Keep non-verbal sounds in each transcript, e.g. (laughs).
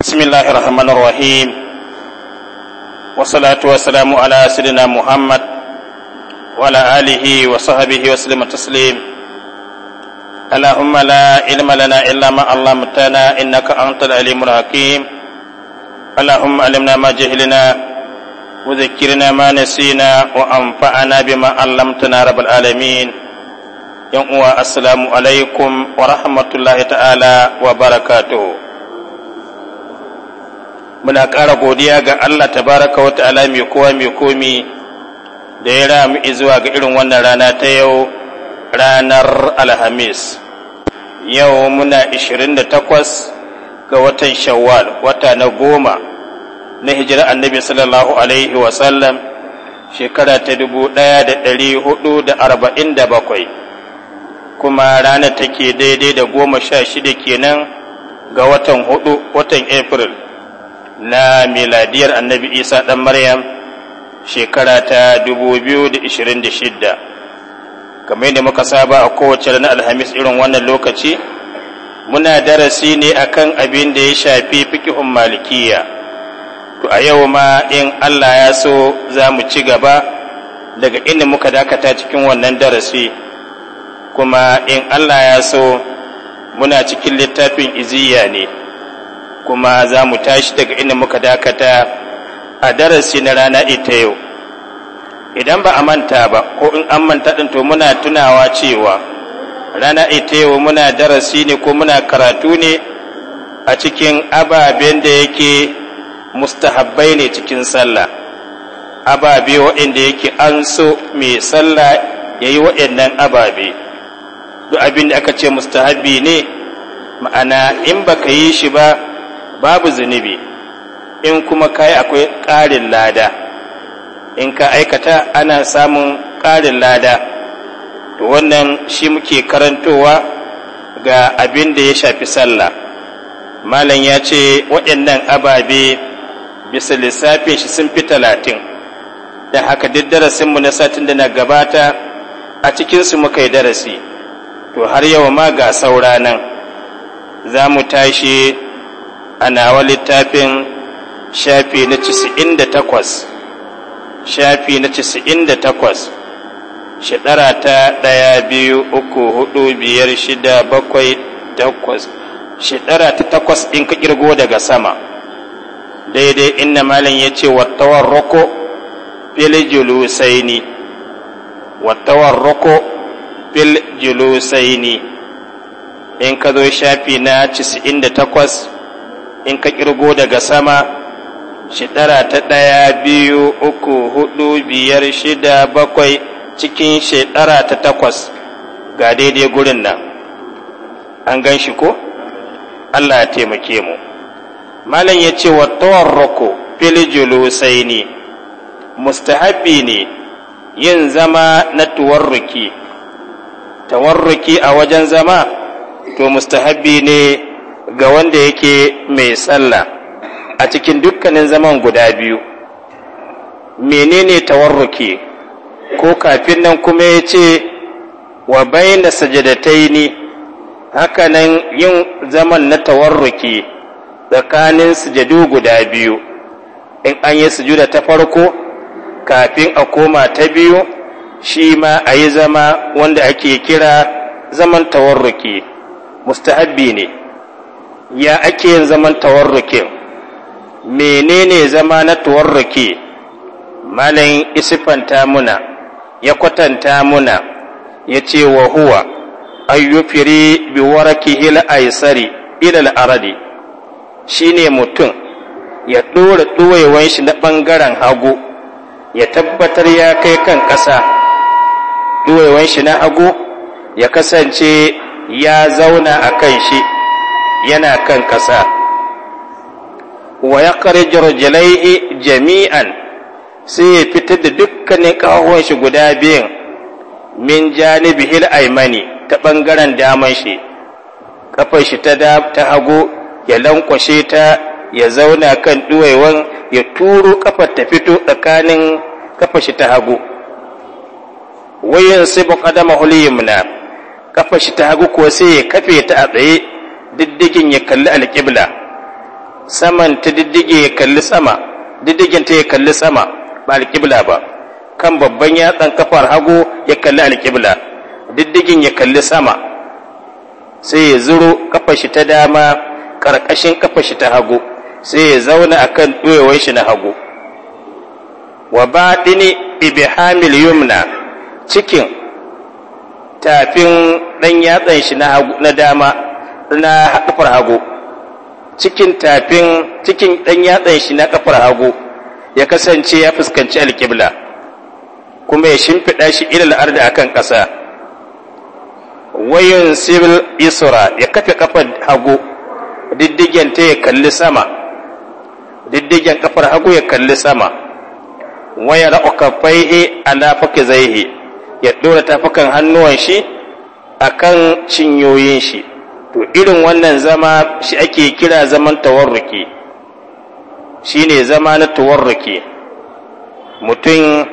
بسم الله الرحمن الرحيم والصلاة والسلام على سيدنا محمد وعلى آله وصحبه وسلم تسليم اللهم لا علم لنا إلا ما علمتنا إنك أنت العليم الحكيم اللهم علمنا ما جهلنا وذكرنا ما نسينا وأنفعنا بما علمتنا رب العالمين yan uwa assalamu alaikum wa rahmatullahi ta'ala wa barakatu muna ƙara godiya ga Allah tabaraka wa ta'ala mai kowa mai komi da ya ramu zuwa ga irin wannan rana ta yau ranar alhamis yau muna 28 ga watan shawwal wata na goma na hijira annabi sallallahu alaihi wasallam shekara ta bakwai. kuma ranar take daidai da goma sha shida kenan ga watan hudu watan april na miladiyar annabi isa 'dan maryam shekara ta 2026 kamar yadda muka saba a kowace ranar alhamis irin wannan lokaci muna darasi ne akan abin da ya shafi fikihun malikiya to a yau ma in allah ya so za mu ci gaba daga inda muka dakata cikin wannan darasi kuma in Allah ya so muna cikin littafin iziya ne kuma za mu tashi daga inda muka dakata a darasi na rana ita yau idan ba a manta ba ko in an manta ɗin to muna tunawa cewa rana ita yau muna darasi ne ko muna karatu ne a cikin ababen da yake mustahabbai ne cikin sallah ababe waɗanda yake an so mai sallah ya yi waɗannan ababe duk abin da aka ce mustahabbi ne ma'ana in baka yi shi ba babu zunubi in kuma kai akwai ƙarin lada in ka aikata ana samun ƙarin lada to wannan shi muke karantowa ga abin da ya shafi sallah malam ya ce waɗannan ababe bisa lissafin shi sun fi talatin da haka duk darasinmu na satin da na gabata a cikinsu muka yi darasi to har yau ma ga saura nan za mu tashi a nawa littafin shafi na cisi'in da takwas shafi na cisi'in da takwas shidara ta ɗaya biyu uku hudu biyar shida bakwai takwas shidara ta takwas in ka kirgo daga sama daidai inna malam ya ce wattawar roko fil julusaini wattawar roko fil julusaini in ka zo shafi na 98 in ka kirgo daga sama shidara ta ɗaya biyu uku hudu biyar shida bakwai cikin shidara ta takwas ga daidai gurin nan an gan shi ko allah ya taimake mu malam ya ce wa roko fil julusaini mustahabi ne yin zama na tuwarruki tawarruki a wajen zama to mustahabbi ne ga wanda yake mai sallah a cikin dukkanin zaman guda biyu menene tawarruki ko kafin nan kuma ya ce wa baina sajadataini hakanan yin zaman na tawarruki tsakanin sujadu guda biyu in an yi sujuda ta farko kafin a koma ta biyu shi ma a yi zama wanda ake kira zaman tawarruki mustahabbi ne ya ake yin zaman tawarruki menene zama na tawarruki malin isifanta muna ya kwatanta muna ya ce wa huwa ayyufiri bi waraki hila aisari ilal aradi shine mutum ya ɗora ɗuwaiwan shi na ɓangaren hagu ya tabbatar ya kai kan ƙasa ɗuwaiwan shi na hagu ya kasance ya zauna a kan shi yana kan ƙasa wa ya jalaihi jami'an sai ya fitar da dukkanin ƙahon shi guda biyun min hil aimani ta ɓangaren daman shi ƙafar shi ta hagu ya lankwashe ta ya zauna kan ɗuwaiwan ya turo ƙafar ta fito tsakanin ƙafar shi ta hagu wayan sibu qadama huliyumna kafa shi ta hagu ko sai ya kafe ta a tsaye diddigin ya kalli alƙibla saman ta diddige ya kalli sama diddigin ta ya kalli sama ba alƙibla ba kan babban yatsan kafar hagu ya kalli alƙibla diddigin ya kalli sama sai ya zuro kafa shi ta dama ƙarƙashin kafa shi ta hagu sai ya zauna a kan ɗoyewar shi na hagu wa baɗini ibihamil yumna cikin tafin ɗan yatsan shi na dama na kafar hagu cikin tafin cikin ɗan yatsan shi na kafar hagu ya kasance ya fuskanci alƙibla kuma ya shimfiɗa shi ilal arda akan ƙasa wayan sibil isra ya kafe kafar hagu diddigen ta ya kalli sama diddigen kafar hagu ya kalli sama waya ra'u kafaihi ala fakizaihi ya ɗora tafukan hannuwan shi a kan cinyoyin shi to irin wannan zama shi ake kira zaman tawarruki shi ne zama na tawarruki mutum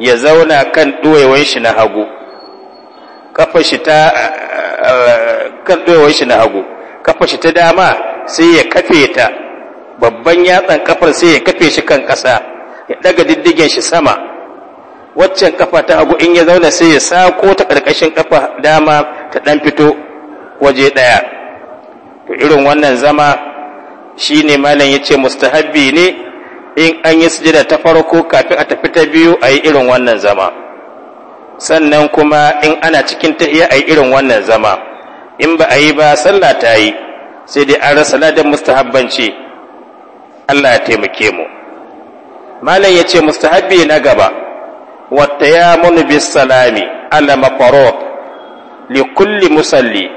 ya zauna kan ɗoyewar shi na hagu kafa shi ta kan ɗoyewar shi na hagu kafa shi ta dama sai ya kafe ta babban yatsan kafar sai ya kafe shi kan ƙasa ya ɗaga diddigen shi sama waccan kafa ta hagu in ya zauna sai ya sako ta ƙarƙashin kafa dama ta ɗan fito waje ɗaya to irin wannan zama shine malam ya ce mustahabbi ne in an yi sujada ta farko kafin a tafi ta biyu a yi irin wannan zama sannan kuma in ana cikin tahiya a yi irin wannan zama in ba a yi ba sallah ta yi sai dai an rasa ladan mustahabbanci Allah ya taimake mu malam ya ce mustahabbi na gaba Wata والتيامن بالسلام على مفروض لكل musalli.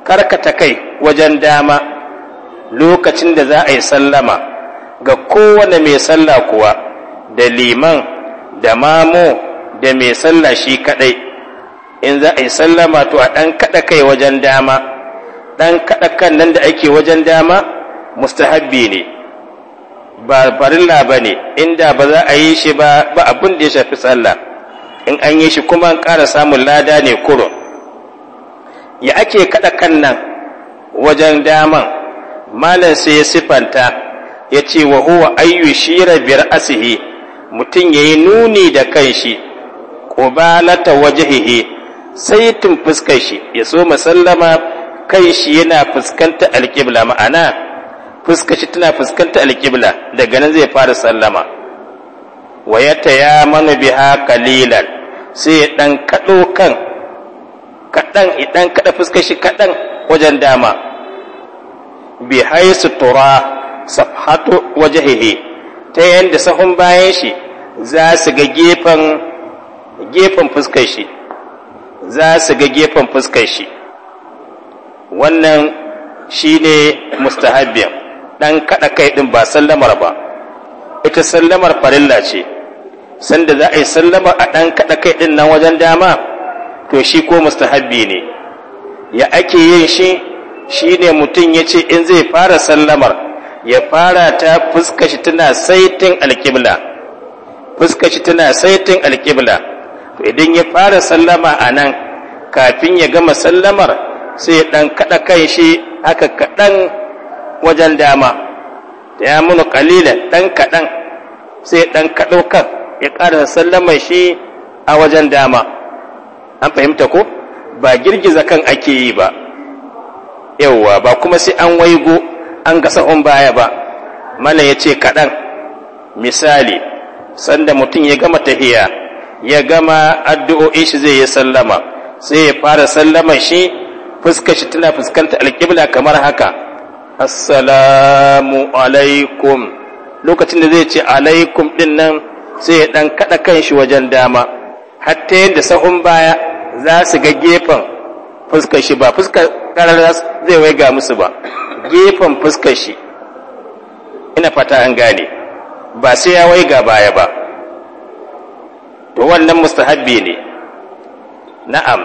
karkata kai wajen dama lokacin da za a yi sallama ga kowane mai sallah kuwa da liman da mamo da mai sallah shi kadai in za a yi sallama to a ɗan kaɗa kai wajen dama ɗan kaɗa kan nan da ake wajen dama mustahabbi ne ba farilla ba ne inda ba za a yi shi ba ba abin da ya shafi sallah in an yi shi kuma an ƙara samun lada ne kurun ya ake kaɗa kan nan wajen daman malam sai ya sifanta ya ce wa huwa ayyu shira biyar asihi mutum ya yi nuni da kanshi ƙubalata wajihihi sai tun fuskar shi ya so musallama kai shi yana fuskanta alƙibla ma'ana fuska tana fuskanta alƙibla daga nan zai fara sallama wa ya taya manu biha kalilan sai ya ɗan kaɗo kan kaɗan idan kaɗa fuska kaɗan wajen dama bi haisu tura safhatu wajahihi ta yadda sahun bayan shi za su ga gefen gefen fuskar shi za su ga gefen fuskar shi wannan shine mustahabbiyan ɗan kaɗa kai ɗin ba sallamar ba ita sallamar farilla ce sanda za a yi sallamar a ɗan kaɗa kai ɗin nan wajen dama to shi ko mustahabbi ne ya ake yin shi shi ne mutum ya ce in zai fara sallamar ya fara ta fuska shi tana saitin alƙibla fuska shi tana saitin alƙibla to idan ya fara sallama a nan kafin ya gama sallamar sai ya ɗan kaɗa kan shi haka kaɗan wajen dama ya munu kalilan ɗan kaɗan sai ɗan kaɗo kan ya ƙara sallama shi a wajen dama an fahimta ko ba girgiza kan ake yi ba yauwa ba kuma sai an waigo an gasa on baya ba mana ya ce kaɗan misali sanda mutum ya gama tahiya ya gama addu'o'i shi zai yi sallama sai ya fara sallama shi fuskar shi tana fuskantar alƙibla kamar haka assalamu alaikum lokacin da zai ce alaikum din nan sai ya dan kada kanshi wajen dama hatta yadda sahun baya za su ga gefen fuskar shi ba fuskar karar zai ga musu ba gefen fuskar shi ina fata an gane ba sai ya ga baya ba to wannan mustahabbi ne na'am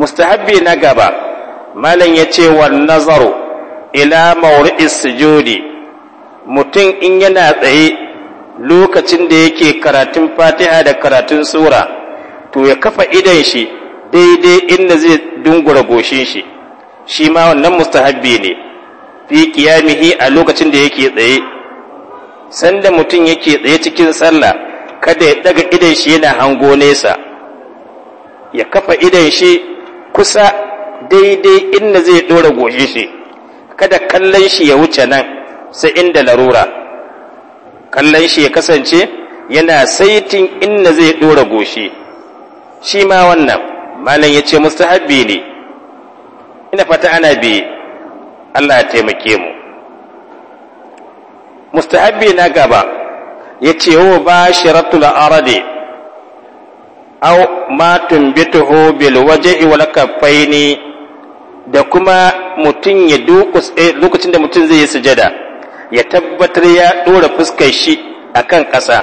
mustahabbi na gaba malam ya ce wa nazaru ila mawri'is sujudi mutum in yana tsaye lokacin da yake karatun fatiha da karatun sura to ya kafa idan shi daidai inda zai dungura goshin shi shi ma wannan mustahabbi ne fi qiyamihi a lokacin da yake tsaye sanda mutum yake tsaye cikin sallah kada ya daga idan shi yana hango nesa ya kafa idan shi kusa daidai inda zai dora goshin shi kada kallon shi ya wuce nan sai inda larura kallon shi ya kasance yana saitin inda zai ɗora goshi shi ma wannan malam ya ce mustahabbi ne ina fata ana bi Allah ya taimake mu mustahabbi na gaba ya ce wa ba shiratul arade aw ma tumbituhu bil wajhi wal kaffaini da kuma mutum ya eh, lokacin da mutum zai yi sujada ya tabbatar ya ɗora fuskar shi a kan ƙasa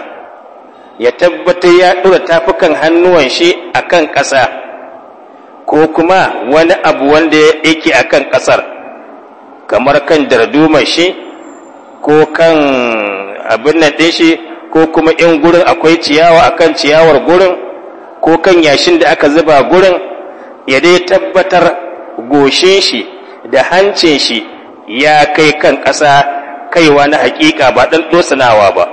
ya tabbatar ya ɗora tafukan hannuwan shi a kan ƙasa ko kuma wani abu wanda ya a kan ƙasar kamar kan dardumar shi ko kan abin nan ɗin shi ko kuma in gurin akwai ciyawa a kan ciyawar gurin ko kan yashin da aka zuba gurin ya dai tabbatar goshin shi da hancin shi ya kai kan ƙasa kaiwa na haƙiƙa ba ɗan ɗosanawa ba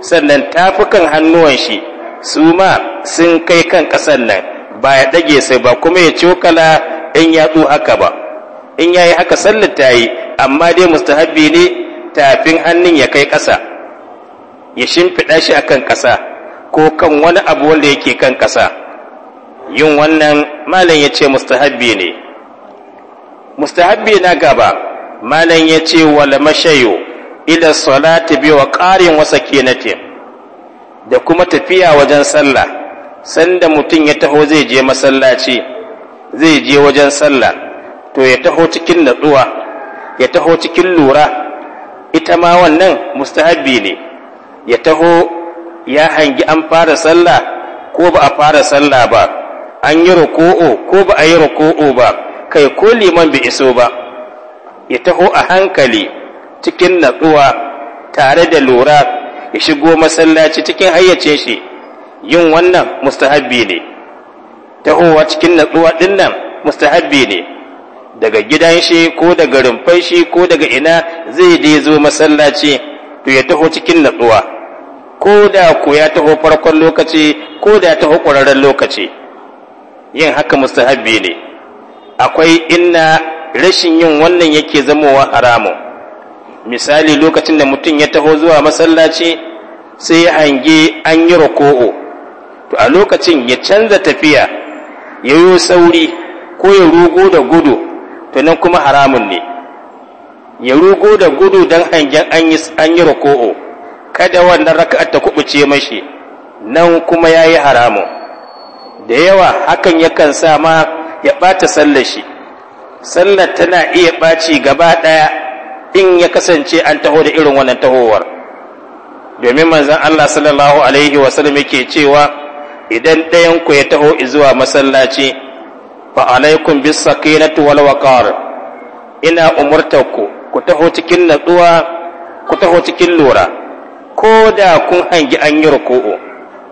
sannan tafukan hannuwan shi su ma sun kai kan ƙasan nan ba ya ɗage sai ba kuma ya cokala in ya haka ba in ya yi haka sallar ta yi amma dai mustahabbi ne tafin hannun ya kai ƙasa ya shimfiɗa shi a kan ƙasa ko kan wani abu wanda yake kan ƙasa yin wannan malam ya ce mustahabbi ne mustahabbi na gaba malam ya ce wala mashayu ila salati bi wa qarin wasa kenatin da kuma tafiya wajen sallah sanda mutum ya taho zai je masallaci zai je wajen sallah to ya taho cikin natsuwa ya taho cikin lura ita ma wannan mustahabbi ne ya taho ya hangi an fara sallah ko ba a fara sallah ba an yi ruku'u ko ba a yi ruku'u ba kai ko liman bai iso ba ya taho a hankali cikin natsuwa tare da lura ya shigo masallaci cikin hayyace shi yin wannan mustahabbi ne tahowa cikin natsuwa din nan mustahabbi ne daga gidan shi ko daga rumfai shi ko daga ina zai je zo masallaci to ya taho cikin natsuwa ko da ko ya taho farkon lokaci ko da taho ƙwararren lokaci yin haka mustahabbi ne akwai inna rashin yin wannan yake zamowa haramun misali lokacin da mutum ya taho zuwa masallaci sai ya hange an yi rako'o to a lokacin ya canza tafiya ya yi sauri ko ya rugo da gudu to nan kuma haramun ne ya rugo da gudu don hangen an yi rako'o kada wannan raka'a ta kubuce mashi nan kuma ya yi haramun da yawa hakan yakan sa ma ya ɓata sallar shi sallar tana iya ɓaci gaba ɗaya in ya kasance an taho da irin wannan tahowar domin manzon Allah sallallahu alaihi wasallam yake cewa idan ɗayanku ya taho zuwa masallaci fa alaikum bis sakinatu wal waqar ina umurtaku ku taho cikin natsuwa ku taho cikin lura ko da kun hangi an yi ruku'u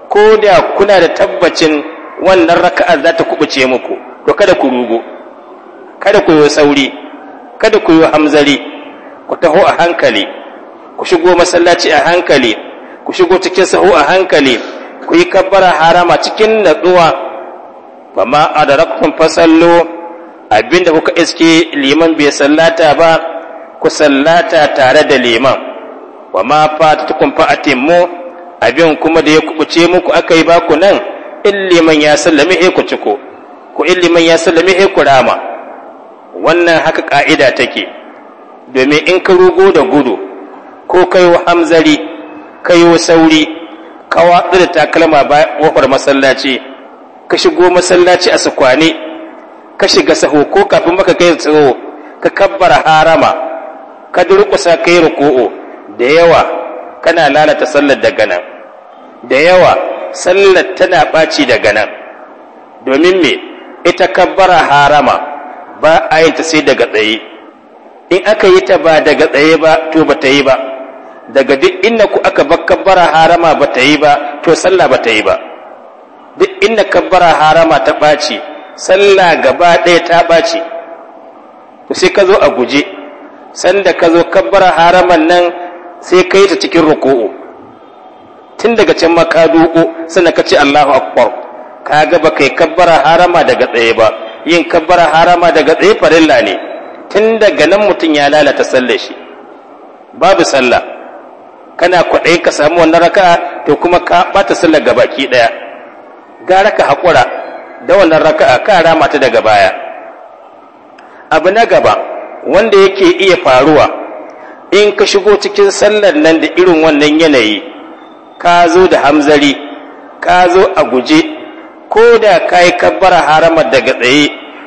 ko da kuna da tabbacin wannan raka'ar za ta kubuce muku to kada ku rugo kada ku yi sauri kada ku yi hamzari ku taho a hankali ku shigo masallaci a hankali ku shigo cikin sahu a hankali ku yi kabbara harama cikin natsuwa ba ma a da rakun abinda kuka iske liman bai sallata ba ku sallata tare da liman wa ma fata tukun fa'atin mu abin kuma da ya kubuce muku aka yi baku nan in man ya sallame he ku ciko ku illi man ya sallame he ku rama wannan haka ka'ida take domin in ka rugo da gudu ko kai wa hamzari kai wa sauri ka watsu da takalma ba kofar masallaci ka shigo masallaci a sukwane ka shiga saho ko kafin maka kai tsaho, ka kabbara harama ka durƙusa kai ruku'u da yawa kana lalata sallar daga nan da yawa sallar tana ɓaci daga nan domin me ita kabbara harama ba a yin ta sai daga tsaye in aka yi ta ba daga tsaye ba to ba ta yi ba daga duk inda ku aka bar kabbara harama ba ta yi ba to sallah ba ta yi ba duk inda kabbara harama ta ɓaci sallah gaba ɗaya ta ɓaci to sai ka zo a guje sanda ka zo kabbara haraman nan sai ka yi ta cikin ruku'u tun daga can ma ka doko sannan ka ce Allahu akbar kaga ba kai kabbara harama daga tsaye ba yin kabbara harama daga tsaye farilla ne tun daga nan mutum ya lalata sallar shi babu sallah kana kwaɗayi ka samu wannan raka'a to kuma ka bata sallar ki ɗaya gara ka haƙura da wannan raka'a ka rama ta daga baya abu na gaba wanda yake iya faruwa in ka shigo cikin sallar nan da irin wannan yanayi ka zo da hamzari ka zo a guje ko da ka yi kabbara harama daga tsaye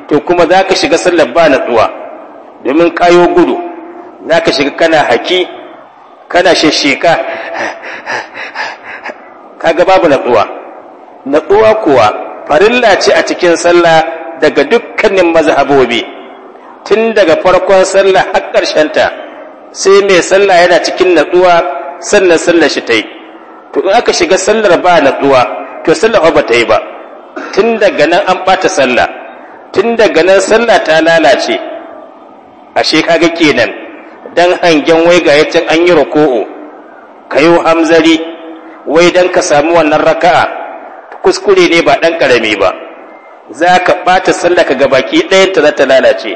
to kuma za ka shiga sallar ba natsuwa domin kayo gudu za ka shiga kana haki kana shesheka ga babu natsuwa natsuwa kuwa farilla ce a cikin sallah daga dukkanin mazhabobi tun daga farkon sallah har ta, sai mai sallah yana cikin natsuwa sannan sallar shi ta yi to in aka shiga sallar ba natsuwa to sallar ba ta yi ba tun daga nan an ɓata sallah tun daga nan sallah ta lalace ashe kaga kenan dan hangen wai ga yacin an yi ruku'u kayo hamzari wai dan ka samu wannan raka'a kuskure ne ba dan karami ba za ka ɓata sallah ka gabaki ɗayan ta za ta lalace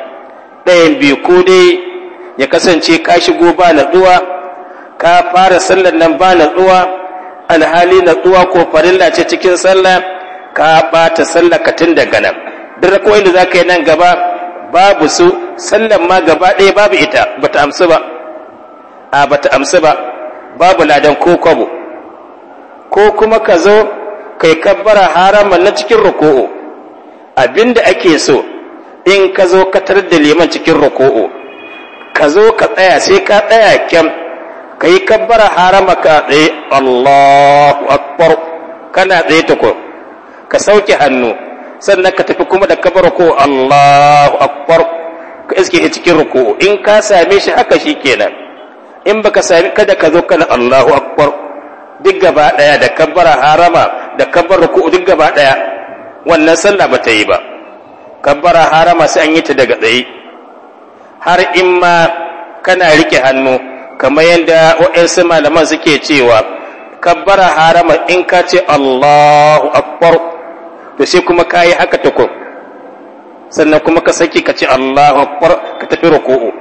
ɗayan biyu ko dai ya kasance ka shigo ba natsuwa ka fara sallar nan ba natsuwa alhali natsuwa ko farilla ce cikin sallah ka bata sallah ka tun daga nan duk ko da za ka yi nan gaba babu su sallan ma gaba ɗaya babu ita bata amsu ba a bata amsu ba babu ladan ko kwabo ko kuma ka zo kai kabbara haraman na cikin ruku'u abinda ake so in ka zo ka tarar da liman cikin ruku'u ka zo ka tsaya sai ka tsaya kyam ka yi kabbara harama ka tsaye Allahu akbar kana tsaye ko. ka sauke hannu sannan ka tafi kuma da kabbara ko Allahu akbar ka iske shi cikin ruku in ka same shi haka shi kenan in baka sami kada ka zo kana Allahu akbar duk gaba daya da kabbara harama da kabbara ruku duk gaba daya wannan sallah ba ta yi ba kabbara harama sai an yi ta daga tsaye har in ma kana rike hannu kamar yadda waɗansu malaman suke cewa kabbara harama in ka ce Allahu akbar to sai kuma ka yi haka tukun sannan kuma ka saki ka ce Allahu akbar ka tafi ruku'u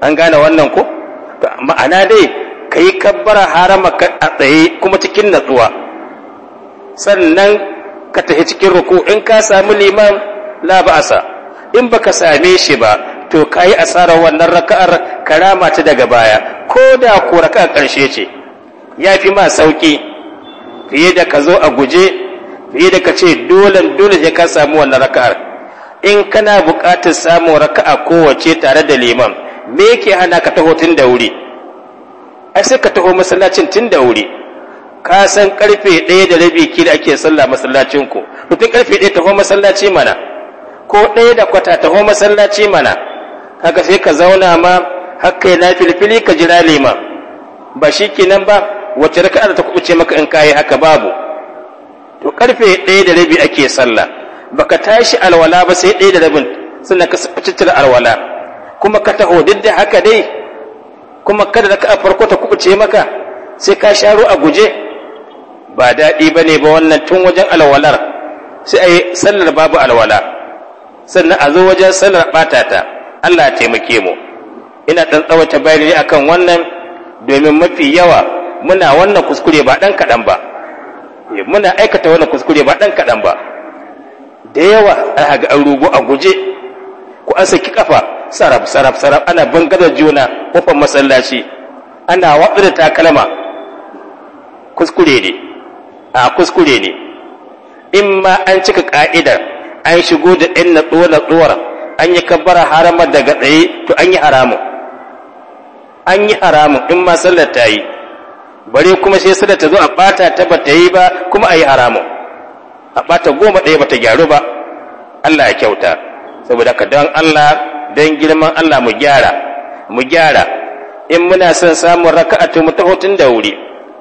an gane wannan ko ma'ana dai ka yi kabbara harama a tsaye kuma cikin natsuwa sannan ka tafi cikin ruku in ka sami liman la ba'asa in baka same shi ba to ka yi asarar wannan raka'ar karama ta daga baya ko da kura ka ƙarshe ce ya fi ma sauƙi fiye da ka zo a guje fiye da ka ce dole dole sai ka samu wannan raka'ar in kana buƙatar samun raka'a kowace tare da liman me yake hana ka taho tun da wuri ai sai ka taho masallacin tun da wuri ka san karfe ɗaya da rabi kila ake sallah masallacin ku to tun karfe ɗaya taho masallaci mana ko ɗaya da kwata taho masallaci mana kaga sai ka zauna ma hakka ya nafilfili ka jira lema ba shi kenan ba wace raka'a da ta kubuce maka in kayi haka babu to karfe ɗaya da rabi ake sallah baka tashi alwala ba sai ɗaya da rabin sannan ka tattara alwala kuma ka taho duk da haka dai kuma kada raka'a farko ta kubuce maka sai ka sharo a guje ba daɗi ba ne ba wannan tun wajen alwalar sai a yi sallar babu alwala sannan a zo wajen sallar ɓata ta Allah ya taimake mu ina ɗan tsawata bayani akan wannan domin mafi yawa muna wannan kuskure ba dan kadan ba eh, muna aikata wannan kuskure ba ɗan kaɗan ba da yawa an ga an rugo a guje ko an saki kafa sarab sarab sarab ana bangada juna kofar masallaci ana watsa da takalma kuskure ne a kuskure ne in ma an cika ka'idar an shigo da ɗan na natsuwar an yi kabbara haramar daga tsaye to an yi haramun an yi haramun in ma sallar ta yi bare kuma sai sallar ta zo a ɓata ta ba ta yi ba kuma a yi haramun a ɓata goma ɗaya ba ta gyaru ba Allah ya kyauta saboda ka don Allah don girman Allah mu gyara mu gyara in muna son samun raka'atu mu taho tun da wuri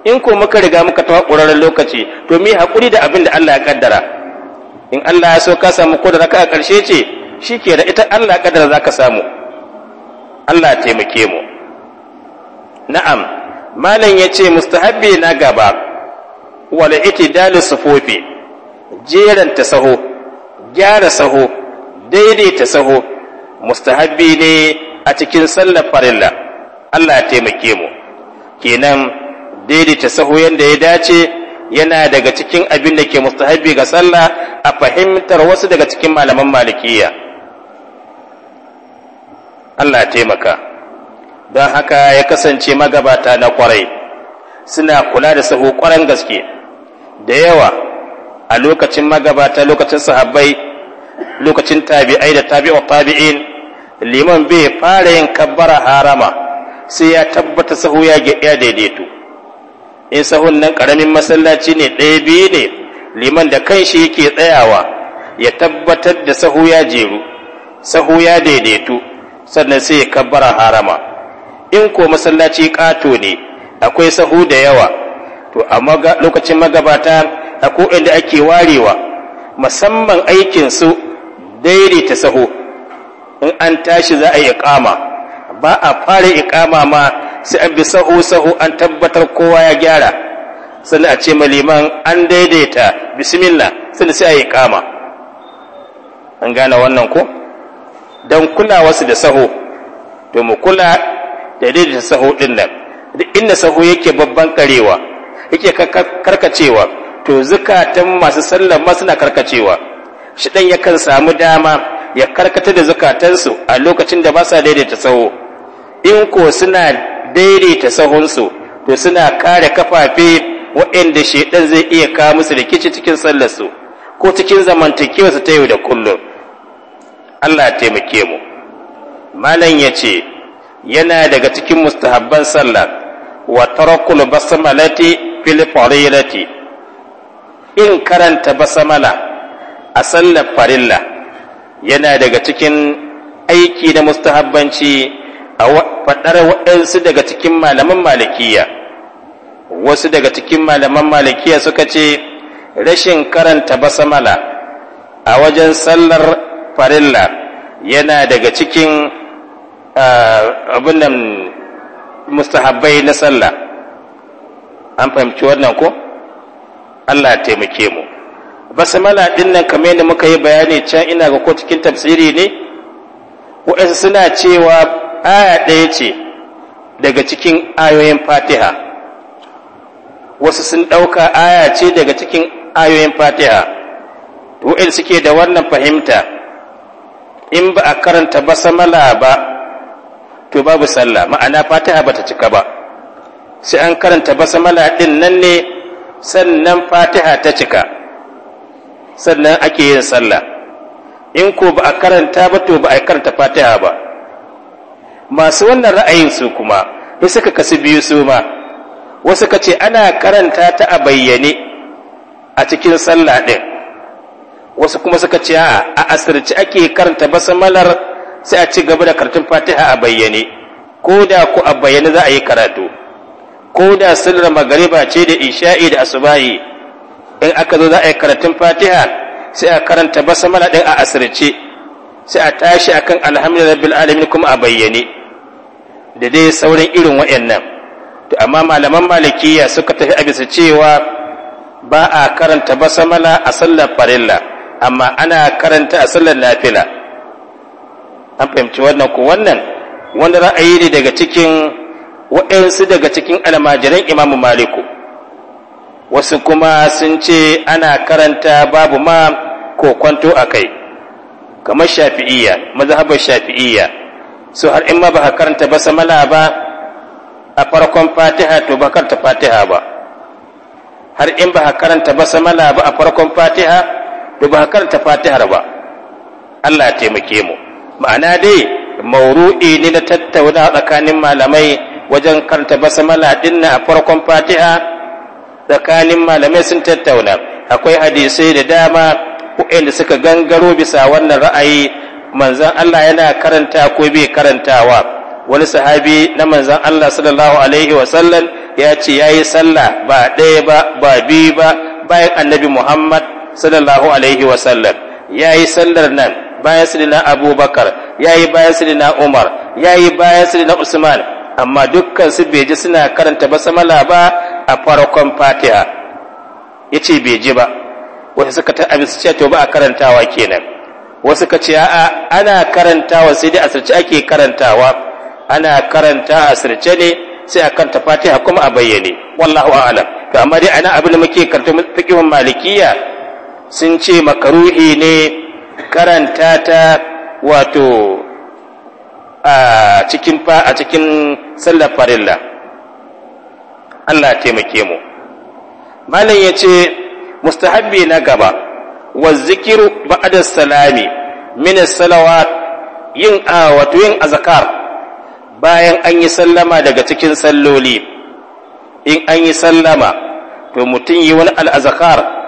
in ko muka riga muka taho ƙurarren lokaci to mu yi haƙuri da abin da Allah ya kaddara in Allah ya so ka samu ko da raka'a ƙarshe ce shi ke da ita Allah ya kaddara za ka samu Allah ya taimake mu na'am malam ya ce mustahabbi na gaba wal itidalu sufufi jeranta saho gyara saho daidaita saho mustahabbi ne a cikin sallar farilla Allah ya taimake mu kenan daidaita saho yanda ya dace yana daga cikin abin da ke mustahabbi ga sallah a fahimtar wasu daga cikin malaman malikiya Allah ya taimaka don haka ya kasance magabata na kwarai suna kula da sahu kwaran gaske da yawa a lokacin magabata lokacin sahabbai lokacin tabi'ai da tabi'u tabi'in liman bai fara yin kabbara harama sai ya tabbata sahu ya ya daidaito in sahun nan karamin masallaci ne ɗaya biyu ne liman da kanshi yake tsayawa ya tabbatar da sahu ya jeru sahu ya daidaito sannan sai ya kabbara harama in ko masallaci ƙato ne akwai sahu da yawa to a lokacin magabata a inda ake warewa musamman aikinsu daidaita sahu in an tashi za a yi ƙama ba a fara iƙama ma sai an bi sahu sahu an tabbatar kowa ya gyara sai a ce liman an daidaita bismillah sai sai a yi ƙama an gane wannan ko don kula wasu da sahu to mu kula da daidaita nan inda saho yake babban karewa yake karkacewa to zukatan masu sallar ma suna karkacewa shi ɗan yakan samu dama ya karkata da zukatansu a lokacin da ba sa daidaita saho in ko suna daidaita sahunsu to suna kare kafafe waɗanda shi ɗan zai iya kawo musu rikici cikin sallarsu ko cikin zamantakewarsu ta yau da kullum Allah ya taimake mu malam ya ce yana daga cikin mustahabban sallah wa tarakul basmalati fil farilati in karanta basmala a sallar farilla yana daga cikin aiki na mustahabbanci a faɗar waɗansu daga cikin malaman malikiya wasu daga cikin malaman malikiya suka ce rashin karanta basmala a wajen sallar farilla yana daga cikin Ah, abin mustahabbai na sallah an fahimci wannan ko Allah taimake mu basmala din nan kamar yadda muka yi bayani can ina ga ko cikin tafsiri ne waɗansu suna cewa aya ɗaya ce daga cikin ayoyin fatiha wasu sun ɗauka aya ce daga cikin ayoyin fatiha Waɗansu suke da wannan fahimta in ba a karanta basamala ba to babu sallah ma'ana fatiha bata cika ba sai an karanta basmala din nan ne sannan fatiha ta cika sannan ake yin sallah in ko ba a karanta ba to ba a karanta fatiha ba masu wannan ra'ayin su kuma sai suka kasu biyu su ma wasu ka ce ana karanta ta a bayyane a cikin sallah din wasu kuma suka ce a asirci ake karanta basmalar sai a ci gaba da karatun fatiha a bayyane ko da ku a bayyane za a yi karatu ko da sallar magariba ce da isha'i da asubahi in aka zo za a yi karatun fatiha sai a karanta basmala din a asirce sai a tashi akan alhamdulillah rabbil alamin kuma a bayyane da dai sauran irin waɗannan to amma malaman malikiya suka tafi a bisa cewa ba a karanta basamala a sallar farilla amma ana karanta a sallar nafila an fahimci wannan ko wannan wanda ra'ayi ne daga cikin wa'ansu daga cikin almajiran imamu maliku wasu kuma sun ce ana karanta babu ma ko kwanto a kai kamar shafi'iyya mazhabar shafi'iyya so har in ma ba ka karanta samala ba a farkon fatiha to ba karanta fatiha ba har in ba ka karanta samala ba a farkon fatiha to ba karanta fatihar ba Allah ya taimake mu ma'ana dai mauru'i ne na tattauna tsakanin malamai wajen karanta basmala dinna a farkon fatiha tsakanin malamai sun tattauna akwai hadisai da dama waɗanda suka gangaro bisa wannan ra'ayi manzon Allah yana karanta ko bai karantawa wani sahabi na manzon Allah sallallahu alaihi wa sallam ya ce yayi sallah ba ɗaya ba ba biyu ba bayan annabi Muhammad sallallahu alaihi wa sallam yayi sallar nan bayan sirina abubakar ya yi bayan sirina umar ya yi bayan sirina usman amma dukkan su bai ji suna karanta basmala ba a farkon fatiha ya ce bai ji ba wasu suka ta abin su ce to ba a karantawa kenan wasu ka ce a ana karantawa sai dai asirce ake karantawa ana karanta asirce ne sai a karanta fatiha kuma a bayyane wallahu a'lam to amma dai ana abin da muke karanta fiqhun malikiya sun ce makaruhi ne karanta ta wato a cikin fa a cikin sallar farilla Allah taimake mu malam yace mustahabbi na gaba wa zikiru ba'da salami min salawat yin a wato yin azkar bayan an yi sallama daga cikin salloli in an yi sallama to mutum yi wani al'azakar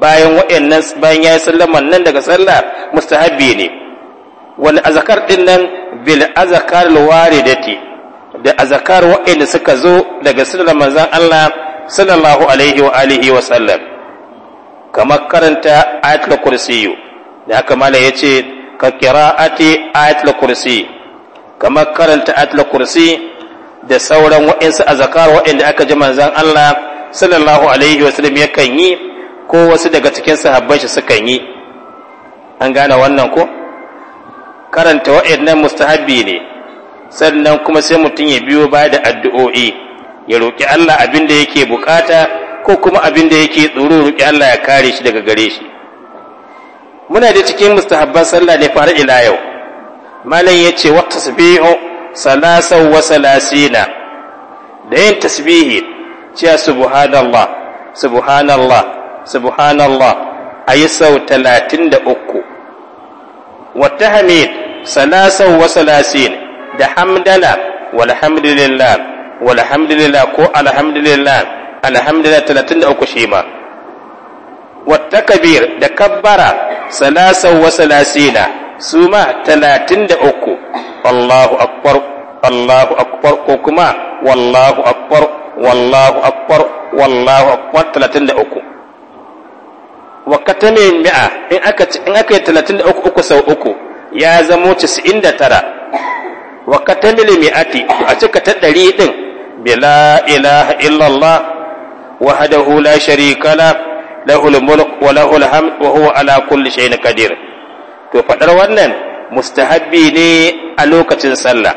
bayan wa'annan bayan yayi sallama nan daga sallah mustahabbi ne wal azkar din nan bil azkar waridati da azkar wa'anda suka zo daga sunnar manzon Allah sallallahu alaihi wa alihi wa sallam kamar karanta ayatul kursi da haka malai yace ka qira'ati ayatul kursi kamar karanta ayatul kursi da sauran wa'ansu azkar wa'anda aka ji manzon Allah sallallahu alaihi wa sallam yakan yi ko wasu daga cikin sahabban shi sukan yi an gane wannan ko karanta wa'annan mustahabbi ne sannan kuma sai mutum ya biyo baya da addu'o'i ya roƙi Allah abin da yake bukata ko kuma abin da yake tsoro roƙi Allah ya kare shi daga gare shi muna da cikin mustahabban sallah ne fara ila yau malam ya ce wa tasbihu salasau wa salasina da yin tasbihi cewa subhanallah subhanallah subhanallah a yi sau talatin da uku wata hamid salasan wa salasin da hamdala walhamdulillah walhamdulillah ko alhamdulillah alhamdulillah talatin da uku shi ma wata kabir da kabbara salasan wa salasina su ma talatin da uku Allahu akbar Allahu akbar ko kuma wallahu akbar wallahu akbar wallahu akbar talatin da uku wa katamin mi'a in aka in aka yi 33 uku sau uku ya zamo 99 wa katamil mi'ati a cika ta 100 din bila ilaha illallah wahdahu la sharika la lahul mulk wa lahul hamd wa huwa ala kulli shay'in qadir to fadar wannan mustahabbi ne a lokacin sallah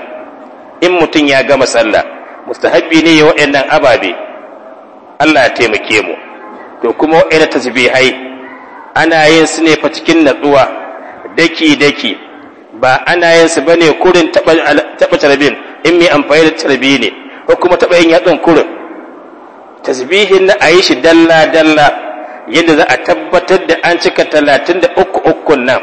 in mutum ya gama sallah mustahabbi ne ya waɗannan ababe Allah ya taimake mu to kuma waɗannan tasbihai ana yin su ne fa cikin natsuwa daki daki ba ana yin su ne kurin taɓa tarbin in mai amfani da tarbi ne ko kuma taɓa yin yadin kurin tasbihin na ayi shi dalla dalla yadda za a tabbatar da an cika talatin da uku ukun nan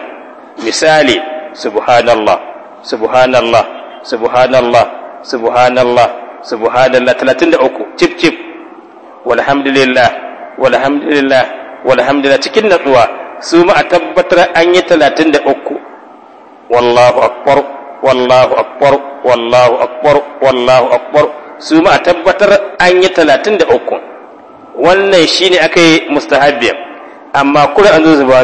misali subhanallah subhanallah subhanallah subhanallah subhanallah talatin da uku cif cif walhamdulillah walhamdulillah walhamdulillah cikin natsuwa su ma a tabbatar an yi talatin da uku wallahu akbar wallahu akbar wallahu akbar wallahu akbar su ma a tabbatar an yi talatin da uku wannan shi ne aka yi mustahabbiya amma kura an zuzu ba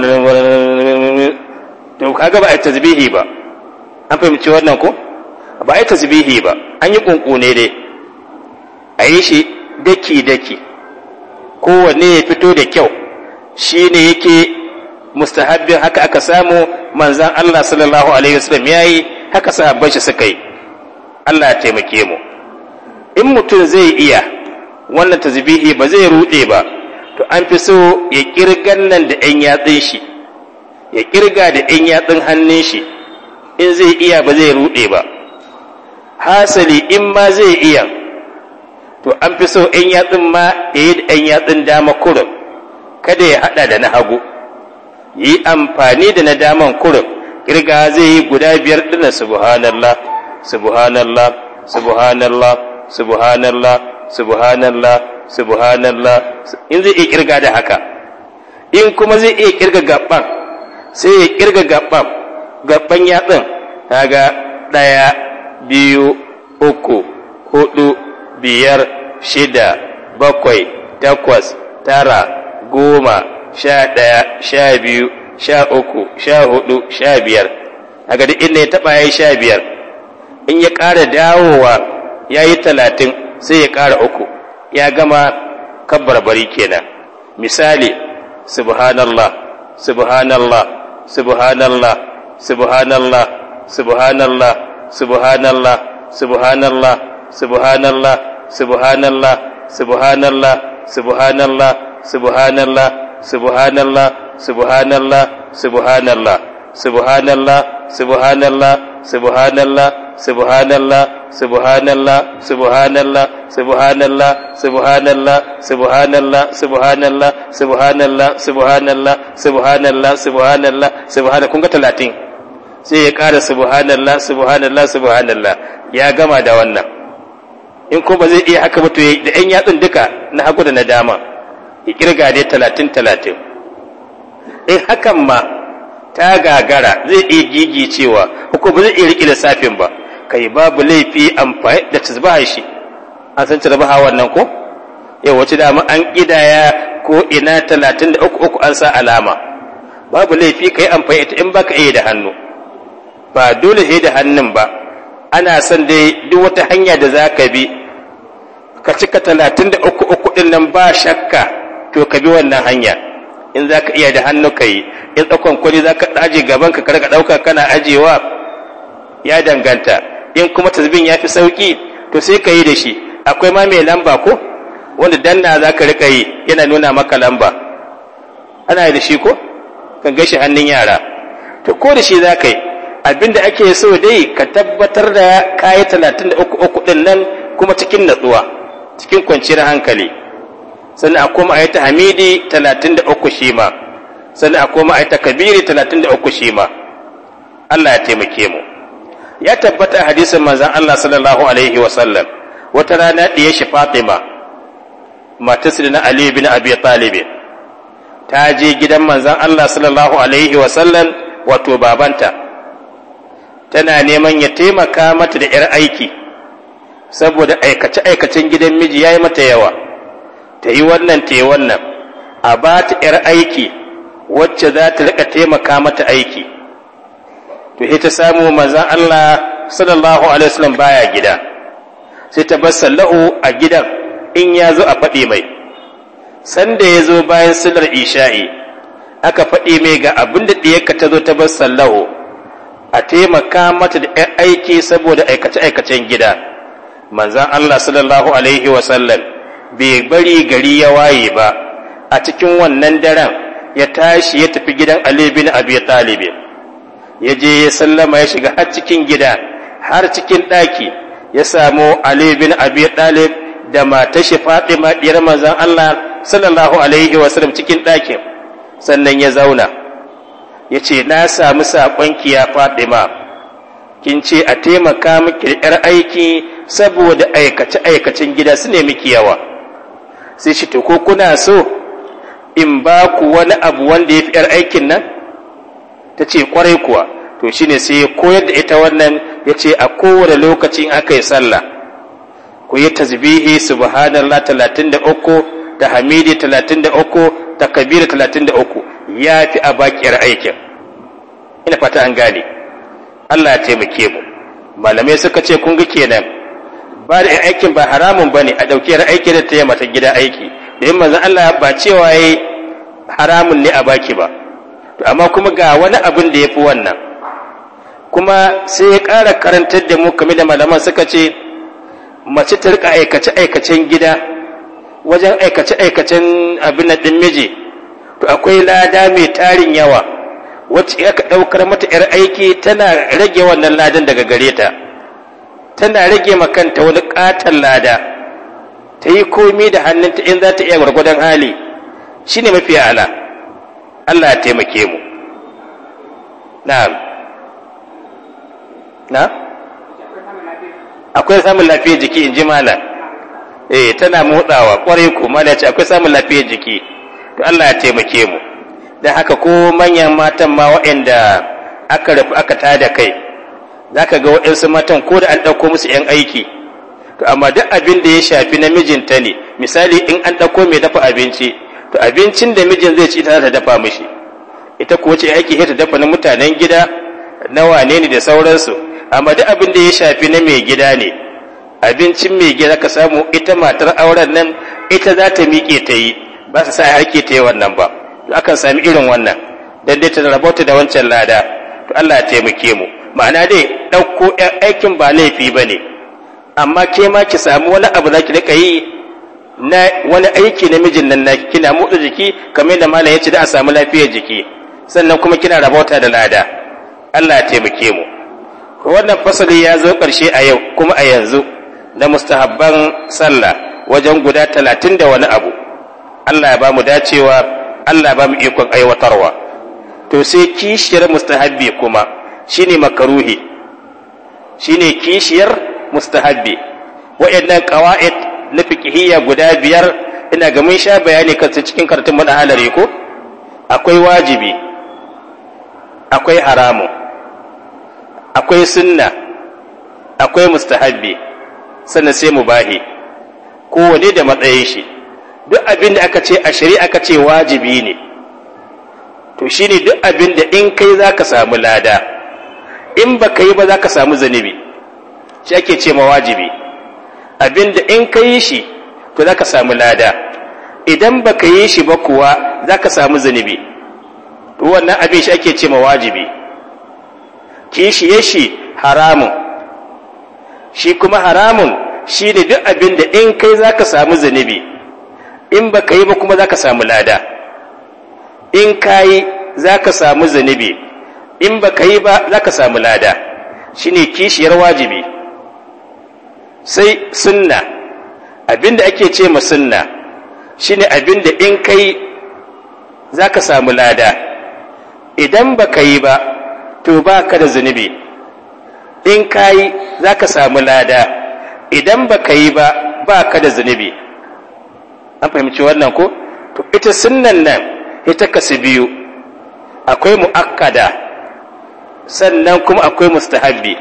to kaga ba a yi tasbihi ba an fahimci wannan ko ba a yi tasbihi ba an yi kunkune dai a yi shi daki-daki kowanne ya fito da kyau shi ne yake mustahabbin haka aka samu manzan Allah sallallahu alaihi wasallam ya yi haka sahabban shi suka yi Allah ya taimake mu in mutum zai iya wannan tasbihi ba zai rude ba to an fi so ya kirgan nan da ɗan yatsun shi ya kirga da ɗan yatsun hannun shi in zai iya ba zai rude ba hasali in ma zai iya to an fi so ɗan yatsun ma ya yi da ɗan yatsun dama kurum kada ya haɗa da na hagu yi amfani da na daman kurin kirga zai yi guda biyar dina subhanallah subhanallah subhanallah subhanallah subhanallah subhanallah in zai iya kirga da haka in kuma zai iya kirga gaban sai ya kirga gaban gaban yatsun kaga ɗaya biyu uku hudu biyar shida bakwai takwas tara goma sha ɗaya sha biyu sha uku sha hudu sha biyar a duk inda ya taɓa ya yi sha biyar in ya ƙara dawowa ya yi talatin sai ya ƙara uku ya gama kabbar bari kenan misali subhanallah subhanallah subhanallah subhanallah subhanallah subhanallah subhanallah subhanallah subhanallah subhanallah subhanallah subhanallah subhanallah subhanallah subhanallah subhanallah subhanallah subhanallah subhanallah subhanallah subhanallah subhanallah subhanallah subhanallah subhanallah subhanallah subhanallah subhanallah subhanallah subhanallah kun ga 30 sai ya ƙara subhanallah subhanallah subhanallah ya gama da wannan in ko ba zai iya haka ba to da ɗan yatsun duka na hagu da na dama ya kirga dai talatin talatin in hakan ma ta gagara zai iya gigi cewa ko ba zai iya riƙe lissafin ba kai babu laifi amfani da tazbaha shi an san tazbaha wannan ko yau wace dama an ƙidaya ko ina talatin da uku uku an sa alama babu laifi ka yi amfani ita in baka iya da hannu ba dole sai da hannun ba ana son dai duk wata hanya da za ka bi ka cika talatin da uku uku ɗin nan ba shakka to ka bi wannan hanya in za ka iya da hannu ka yi in tsakon kwani za ka ɗaje gaban ka karka ɗauka kana ajiyewa? ya danganta in kuma tasbin ya fi sauƙi to sai ka yi da shi akwai ma mai lamba ko wanda danna za ka riƙa yi yana nuna maka lamba ana da shi ko kan gashi hannun yara to ko da shi za ka yi abinda ake so dai ka tabbatar da kayi talatin da uku uku ɗin nan kuma cikin natsuwa cikin kwanciyar hankali sannan a koma ayata hamidi 33 shi ma sannan a koma ayata kabiri 33 shi ma Allah ya taimake mu ya tabbata a hadisin manzon Allah sallallahu alaihi wa sallam wata rana ɗiye shi Fatima mata na Ali bin Abi Talib ta je gidan manzon Allah sallallahu alaihi wa sallam wato babanta tana neman ya taimaka mata da 'yar aiki saboda aikace-aikacen gidan miji ya yi mata yawa ta yi wannan ta yi wannan a ba ta 'yar aiki wacce za ta riƙa taimaka mata aiki to ita samu manzan Allah sallallahu alaihi wasallam baya gida sai ta bar sallahu a gidan in ya zo a faɗi mai sanda ya zo bayan sallar isha'i aka faɗi mai ga abin da ɗiyarka ta zo ta bar sallahu a taimaka mata da 'yar aiki saboda aikace-aikacen gida manzan Allah sallallahu alaihi wasallam bai bari gari ya waye ba a cikin wannan daren ya tashi ya tafi gidan Ali bin Abi Talib ya je ya sallama ya shiga har cikin gida har cikin ɗaki ya samu Ali bin Abi Talib da mata shi Fatima diyar manzon Allah sallallahu alaihi wasallam cikin ɗakin sannan ya zauna ya ce na samu saƙon kiya Fatima kin ce a taimaka miki da 'yar aiki saboda aikace-aikacen gida su ne miki yawa sai shi to ko kuna so in ba ku wani abu wanda ya fi ‘yar aikin nan ta ce kwarai kuwa to shi ne sai koyar da ita wannan ya ce a kowane lokaci aka yi sallah ku yi tasbihi subhanallah talatin da uku ta hamidi talatin da uku ta kabira talatin da uku ya fi a 'yar aikin ina fata an gane Allah ya taimake mu malamai suka ce kun ga kenan ba da aikin ba haramun ba ne a ɗauki aiki da ta yi mata gida aiki da yin manzan Allah ba cewa yi haramun ne a baki ba to amma kuma ga wani abin da ya fi wannan kuma sai ya ƙara karantar da mu kame da malaman suka ce mace ta rika aikace-aikacen gida wajen aikace-aikacen abin na ɗin miji to akwai lada mai tarin yawa wacce aka ɗaukar mata 'yar aiki tana rage wannan ladan daga gare ta tana rage makanta wani ƙaton lada ta yi komi da hannunta in za ta iya gwargwadon hali shi ne mafi ala Allah ya taimake mu na'am na akwai samun lafiyar jiki in ji mala eh tana motsawa kwarai ku mala ce akwai samun lafiyar jiki to Allah ya taimake mu da haka ko manyan matan ma waɗanda aka rufu aka tada kai za ka ga waɗansu matan ko da an ɗauko musu 'yan aiki to amma duk abin da ya shafi na mijinta ne misali in an ɗauko mai dafa abinci to abincin da mijin zai ci ita ta dafa mishi ita kuwa ce aiki ta dafa na mutanen gida na wane ne da sauransu amma duk abin da ya shafi na mai gida ne abincin mai gida ka samu ita matar auren nan ita za ta miƙe ta yi ba su sa aiki ta yi wannan ba akan sami irin wannan dan dai ta rabauta da wancan lada to Allah ya taimake mu ma'ana dai ɗauko aikin ba laifi ba ne amma ke ma ki samu wani abu za ki daka yi na wani aiki na mijin nan naki kina motsa jiki kamar da malam ya ce da a samu lafiyar jiki sannan kuma kina rabauta da lada Allah ya taimake mu wannan fasali ya zo ƙarshe a yau kuma a yanzu na mustahabban sallah wajen guda talatin da wani abu Allah ya ba mu dacewa Allah ya ba mu ikon aiwatarwa to sai kishiyar mustahabbi kuma shine makaruhi shine kishiyar mustahabbi wa'annan qawaid na fiqhiyya guda biyar ina ga mun sha bayani kan su cikin karatun madahalar halare ko akwai wajibi akwai haramu akwai sunna akwai mustahabbi sannan sai mubahi kowane da matsayin shi duk abin da aka ce a shari'a aka ce wajibi ne to shine duk abin da in kai zaka samu lada in ba ka yi ba za ka samu zanibi shi ake ce mawajibi. abinda in ka yi shi to za ka samu lada idan ba ka yi shi ba kuwa za ka samu zanibi wannan abin shi ake ce mawajibi. kishiye shi haramun shi kuma haramun shi ne duk abinda in kai za ka samu zanibi in ba ka yi ba kuma za ka samu lada in ka yi za ka samu zanibi in ba ka yi ba za ka samu lada shi ne kishiyar wajibi sai sunna abinda ake ce ma sunna shi ne abinda in ka yi za ka samu lada idan ba ka yi ba to ba ka da zunubi in ka yi za ka samu lada idan ba ka yi ba ba ka da zunubi an fahimci wannan ko to ita sunan nan ita kasu biyu akwai mu'akkada sannan kuma akwai mustahabbi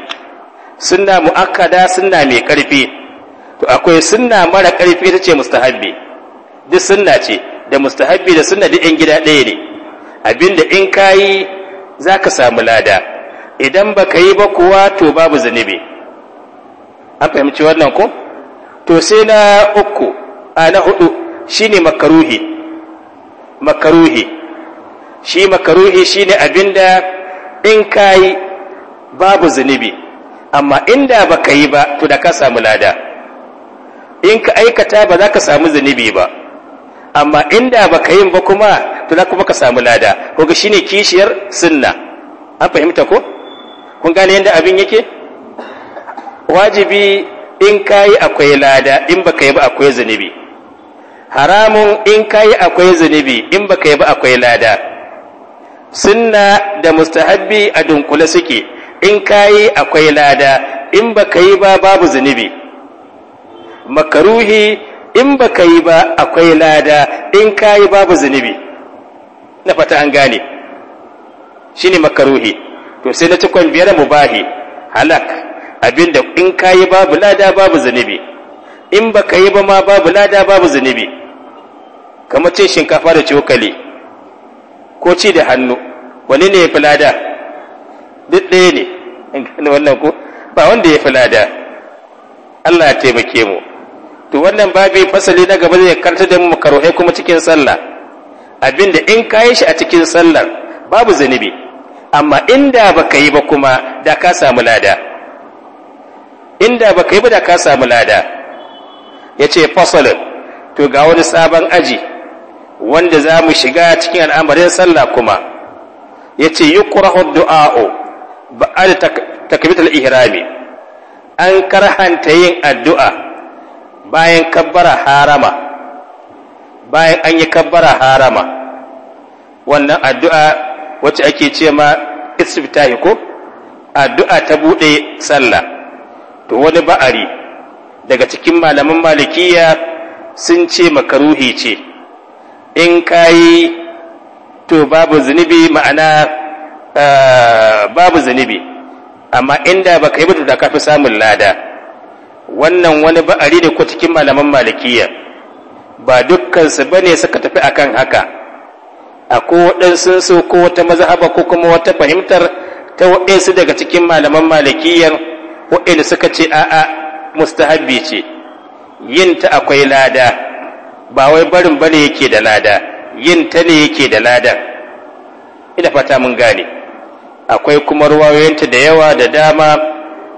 sunna mu'akkada sunna mai ƙarfi to akwai sunna mara ƙarfi ita ce mustahabbi duk sunna ce da mustahabbi da sunna duk ɗan gida ɗaya ne abinda in kayi za ka samu lada idan ba ka yi ba kuwa to babu zunubi an fahimci wannan ko to sai na uku a na hudu shine makaruhi makaruhi shi makaruhi shine abinda in ka yi babu zunubi amma inda ba ka yi ba to da ka samu lada in ka aikata ba za ka samu zunubi ba amma inda ba ka yin ba kuma to za kuma ka samu lada kuka shine kishiyar sunna an fahimta ko kun gane yadda abin yake wajibi in ka yi akwai lada in ba ka yi ba akwai zunubi haramun in ka yi akwai zunubi in ba ka yi ba akwai lada sunna da mustahabbi a dunkule suke in kayi akwai lada in baka yi ba babu zunubi makaruhi in baka yi ba akwai lada in kayi babu zunubi na fata an gane shine makaruhi to sai na cikon biyar mubahi halak abinda in kayi babu lada babu zunubi in baka yi ba ma babu lada babu zunubi kamar cin shinkafa da cokali ko ci da hannu wani ne ya fi lada duk ɗaya ne in wannan ko ba wanda ya fi lada Allah ya taimake mu to wannan babi fasali na gaba zai karta da mu makarohai kuma cikin sallah abinda in ka yi shi a cikin sallar babu zanibi. amma inda baka yi ba kuma da ka samu lada inda baka yi ba da ka samu lada ya ce fasalin to ga wani sabon aji wanda za mu shiga cikin al'amarin sallah kuma ya ce yi ƙurahun du'a'o ba a da ihrami an karhanta yin addu'a bayan kabbara harama bayan an yi kabbara harama wannan addu'a wacce ake ce ma ko addu'a ta buɗe sallah to wani ba'ari daga cikin malaman malikiya sun ce makaruhi ce in ka yi to babu zunubi ma'ana eh, babu zinubi. amma inda ba ka yi mutu da kafi samun lada wannan wani ba'ari ne ko cikin malaman malikiya ba dukkansu ba ne suka tafi akan haka a ko sun so ko wata mazhaba ko kuma wata fahimtar ta waɗansu daga cikin malaman malikiyar waɗanda suka ce a'a mustahabbi ce yin ta akwai lada ba wai barin bane yake da lada yin ta ne yake da lada ina fata mun gane akwai kuma ruwayoyinta da yawa da dama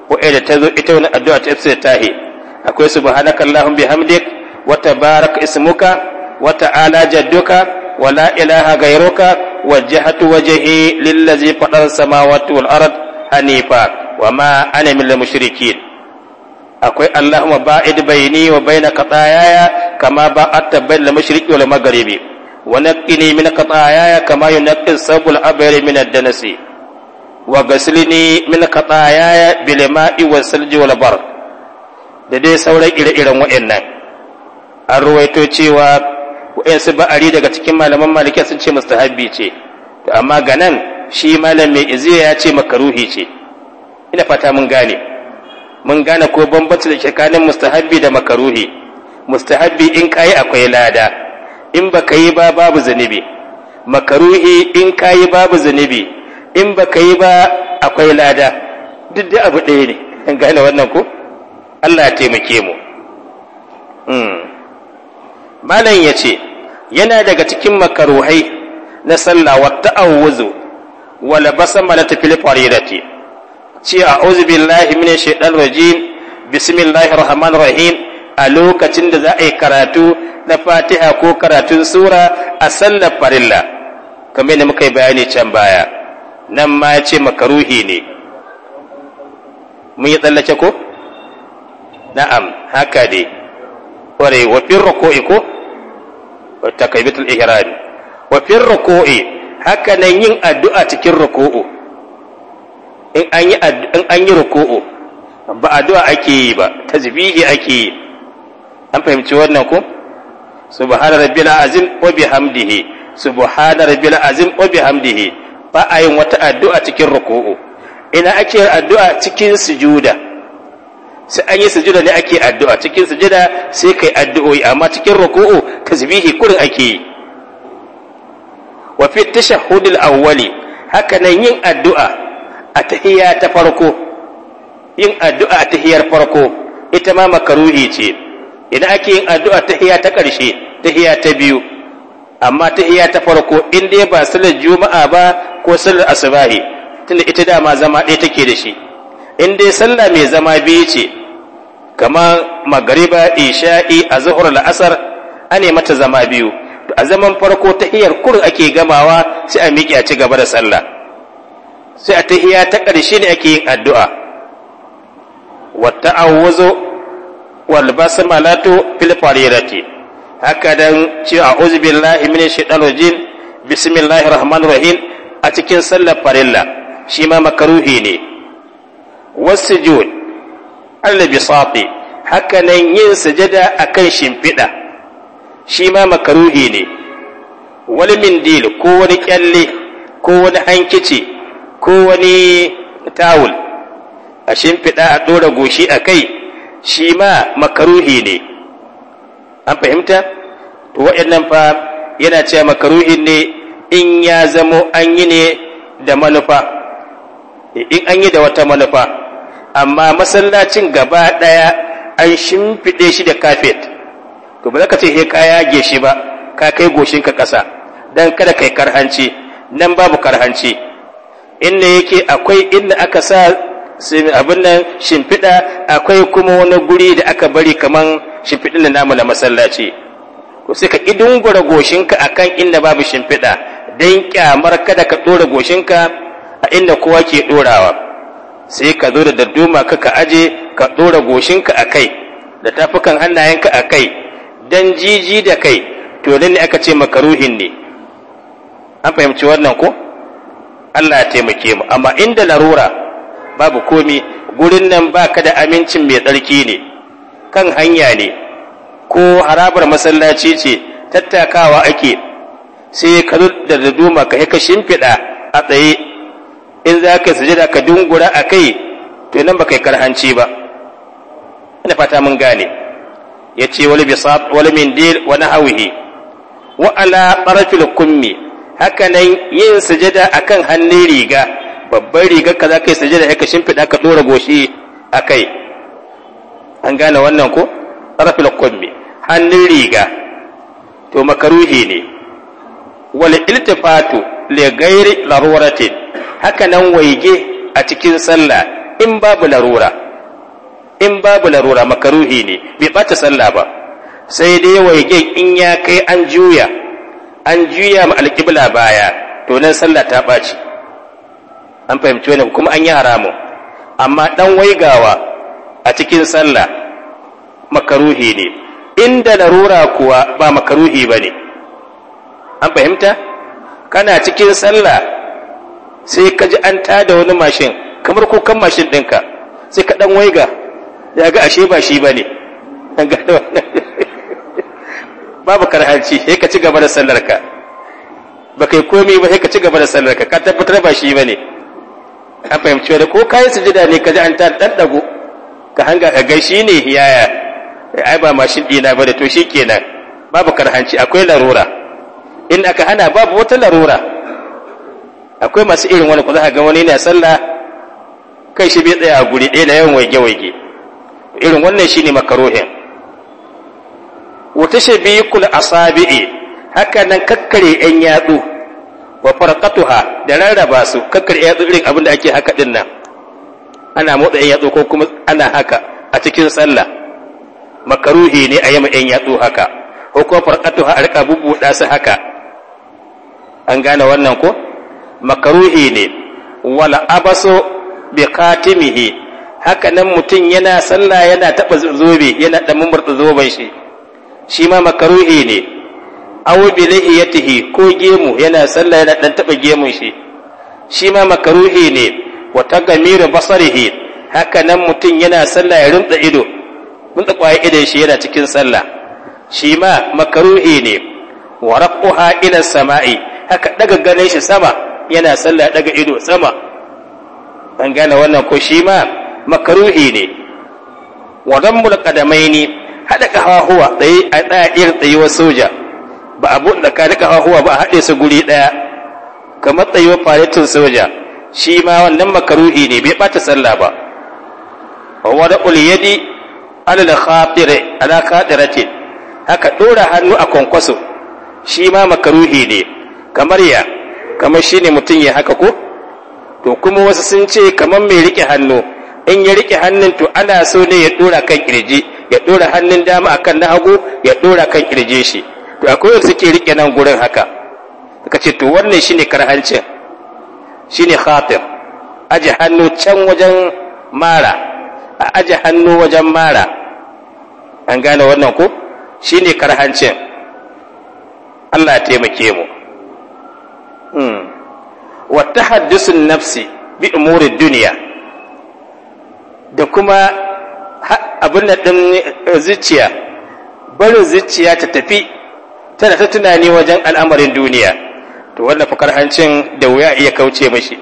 wa'ida ta zo ita wani addu'a ta ifsa tahi akwai subhanaka allahum bihamdik wa tabarak ismuka wa ta'ala jadduka wa la ilaha ghayruka wajjahtu wajhi lillazi fatara samawati wal ard hanifa wa ma ana minal mushrikin akwai allahumma ba'id baini wa baina qatayaya كما بعدت بين المشرق والمغرب ونقني من خطاياي كما ينقي الثوب الأبيض من الدنس وغسلني من خطاياي بالماء والثلج والبر da dai sauran ire-iren waɗannan an ruwaito cewa waɗansu ba'ari daga cikin malaman malikiya sun ce mustahabbi ce to amma ga nan shi malam mai iziya ya ce makaruhi ce ina fata mun gane mun gane ko bambanci da tsakanin mustahabbi da makaruhi mustahabbi in kayi akwai lada in baka yi ba babu zunubi makaruhi in kayi babu zunubi in baka yi ba akwai lada duk da abu ɗaya ne in gane wannan ko Allah ya taimake mu hmm. malam ya ce yana daga cikin makaruhai na sallah wa ta'awuzu wala labasa malata fil faridati ce a'udhu billahi minash shaitanir rajim bismillahir rahmanir rahim a lokacin da za a yi karatu na fatiha ko karatun sura a sallar farilla kamar yadda muka yi bayani can baya nan ma ya ce makaruhi ne mun yi tsallake ko na'am haka ne ƙware wa fin ruku'i ko wa takaibitul ihrami wa ra'koi, ruku'i haka nan yin addu'a cikin ruku'u in an yi ruku'u ba addu'a ake yi ba tasbihi ake yi an fahimci wannan ko subhana rabbil azim wa bihamdihi subhana rabbil azim wa bihamdihi ba a yin wata addu'a cikin ruku'u ina ake addu'a cikin sujuda sai an yi sujuda ne ake addu'a cikin sujuda sai kai addu'o'i amma cikin ruku'u tasbihi kurin ake yi wa fi tashahhudil awwali haka nan yin addu'a a tahiyya ta farko yin addu'a a tahiyar farko ita ma makaruhi ce idan ake yin addu'a ta hiya ta ƙarshe ta hiya ta biyu amma ta tahiya ta farko in dai ba salar juma'a ba ko salar asubahi tunda ita dama zama ɗaya take da shi in dai sallah mai zama biyu ce kamar magariba isha'i a zuhur la'asar ane mata zama biyu a zaman farko ta tahiyar kur ake gamawa sai a miƙe a ci gaba da sallah sai a ta tahiya ta ƙarshe ne ake yin addu'a wata awwazo wal basmalatu fil farirati haka dan ce a'udhu billahi minash shaitanir rajim rahman rahim a cikin sallar farilla shi ma makaruhi ne wasujud al-bisati haka nan yin sujada akan shimfiɗa shi ma makaruhi ne wani dil ko wani kyalle ko wani hankici ko wani tawul a shimfiɗa a ɗora goshi a kai shi ma makaruhi ne an fahimta to waɗannan fa yana cewa makaruhi ne in ya zamo an yi ne da manufa in an yi da wata manufa amma masallacin gaba ɗaya an shimfiɗe shi da kafet to ba za ka ce he ka yage shi ba ka kai ka ƙasa don kada kai karhanci nan babu karhanci inda yake akwai inda aka sa sai abin nan shimfiɗa akwai kuma wani guri da aka bari kamar shimfiɗin da namu na masallaci ko sai ka gura goshinka a kan inda babu shimfiɗa don kyamar kada ka ɗora goshinka a inda kowa ke ɗorawa sai ka zo da dadduma ka ka aje ka ɗora goshinka a kai da tafukan hannayenka a kai don jiji da kai to ne aka ce makaruhin ne an fahimci wannan ko Allah ya taimake mu amma inda larura babu komi gurin nan ba ka da amincin mai tsarki ne kan hanya ne ko harabar masallaci ce tattakawa ake sai ka da duma ka ka shimfiɗa a tsaye in za ka sujada ka dungura a kai to nan ba yi karhanci ba ina fata mun gane ya ce wani bisat wani mindil wani hawihi wa ala tsarafil kummi hakanan yin sujada akan hannun riga babban rigar ka za ka yi sujada ka shimfiɗa ka ɗora goshi a kai an gane wannan ko tsarafil kwammi hannun riga to makaruhi ne wal iltifatu li ghairi laruratin haka nan waige a cikin sallah in babu larura in babu larura makaruhi ne bai bata sallah ba sai dai waige in ya kai an juya an juya ma alƙibla baya to nan sallah ta ɓaci an fahimci wani kuma an yi haramun amma dan waigawa a cikin sallah makaruhi ne inda larura kuwa ba makaruhi ba ne an fahimta kana cikin sallah sai ka ji an tada wani mashin kamar kukan mashin ɗinka sai ka ɗan waiga ya ga ashe ba shi ba ne babu karhanci sai ka ci gaba da sallarka ba kai komi ba sai ka ci gaba da sallarka ka tabbatar ba shi ba ne an fahimci wani ko kayan sujada ne ka ji an ta ɗanɗago ka hanga ka gaishe ne yaya ai ba mashin ɗina ba da to shi kenan babu karhanci akwai larura in aka hana babu wata larura akwai masu irin wani ku za ga wani na sallah kai shi bai tsaya a guri ɗaya na yawan waige-waige irin wannan shine makaruhin wata shabi kul asabi'i haka nan kakkare 'yan yatsu wa farqatuha da rarraba su kakkar ya irin abin da ake haka din nan ana motsa yan yatsu ko kuma ana haka a cikin sallah makaruhi ne a yamma yan yatsu haka ko kuma farqatuha a rika bubbuda su haka an gane wannan ko makaruhi ne wala abaso bi qatimihi haka nan mutum yana sallah yana taba zobe yana da mumurta zoben shi shi ma makaruhi ne awo bi tihi ko gemu yana sallah yana dan taba gemun shi shi ma makaruhi ne wa tagamir basarihi haka nan mutum yana sallah ya rinda ido rinda kwaye idan shi yana cikin sallah shi ma makaruhi ne wa raquha ila sama'i haka daga ganin shi sama yana sallah daga ido sama an gane wannan ko shi ma makaruhi ne wa dambul qadamaini hada kahahuwa tsaye a irin tsayuwar soja ba a ka duka hahuwa ba a haɗe su guri ɗaya kamar tsayuwar faretin soja shi ma wannan makaruhi ne bai ɓata sallah ba wa da uliyadi alal khatire ala khatirati haka ɗora hannu a kwankwaso shi ma makaruhi ne kamar ya kamar shi ne mutum ya haka ko to kuma wasu sun ce kamar mai riƙe hannu in ya riƙe hannun to ana so ne ya ɗora kan ƙirji ya ɗora hannun dama akan na hagu ya ɗora kan ƙirje shi to akwai wanda suke rike nan gurin haka suka ce to wannan shine karhancin shine khatir aje hannu can wajen mara a aje hannu wajen mara an gane wannan ko shine karhancin Allah ya taimake mu hmm. wa tahaddusun nafsi bi umuri duniya da kuma abin da ɗin zuciya barin zuciya ta tafi tana ta tunani wajen al'amarin duniya to wannan fakarhancin da wuya iya kauce mashi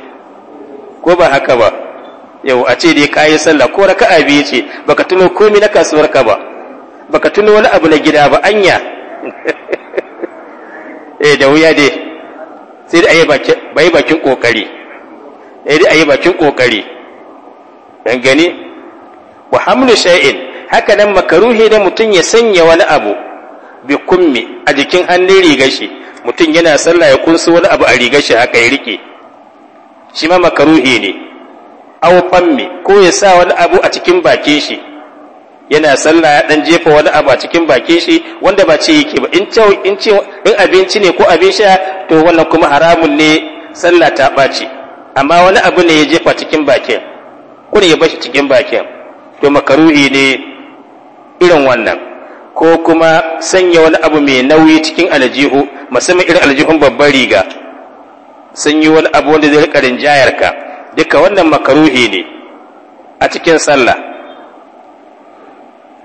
ko ba haka ba yau a ce dai kayi sallah ko raka'a biyu ce baka tuno komai na kasuwar ka ba baka tuno wani abu na gida ba anya (laughs) eh da wuya dai sai dai ayi bakin bai bakin kokari eh dai ayi bakin kokari dan gani wa hamlu shay'in haka nan makaruhi da mutun ya sanya wani abu bi kummi a jikin hannun riga shi mutum yana sallah ya kunsu wani abu a riga shi haka ya rike shi ma makaruhi ne aw fammi ko ya sa wani abu a cikin bakin shi yana sallah ya dan jefa wani abu a cikin bakin shi wanda ba ce yake ba in ce in abinci ne ko abin sha to wannan kuma haramun ne sallah ta ɓaci amma wani abu ne ya jefa cikin bakin kun ya bashi cikin bakin to makaruhi ne irin wannan ko kuma sanya wani abu mai nauyi cikin aljihu musamman irin aljihun babban riga sun wani abu wanda zai riƙa rinjayar ka duka wannan makaruhi ne a cikin sallah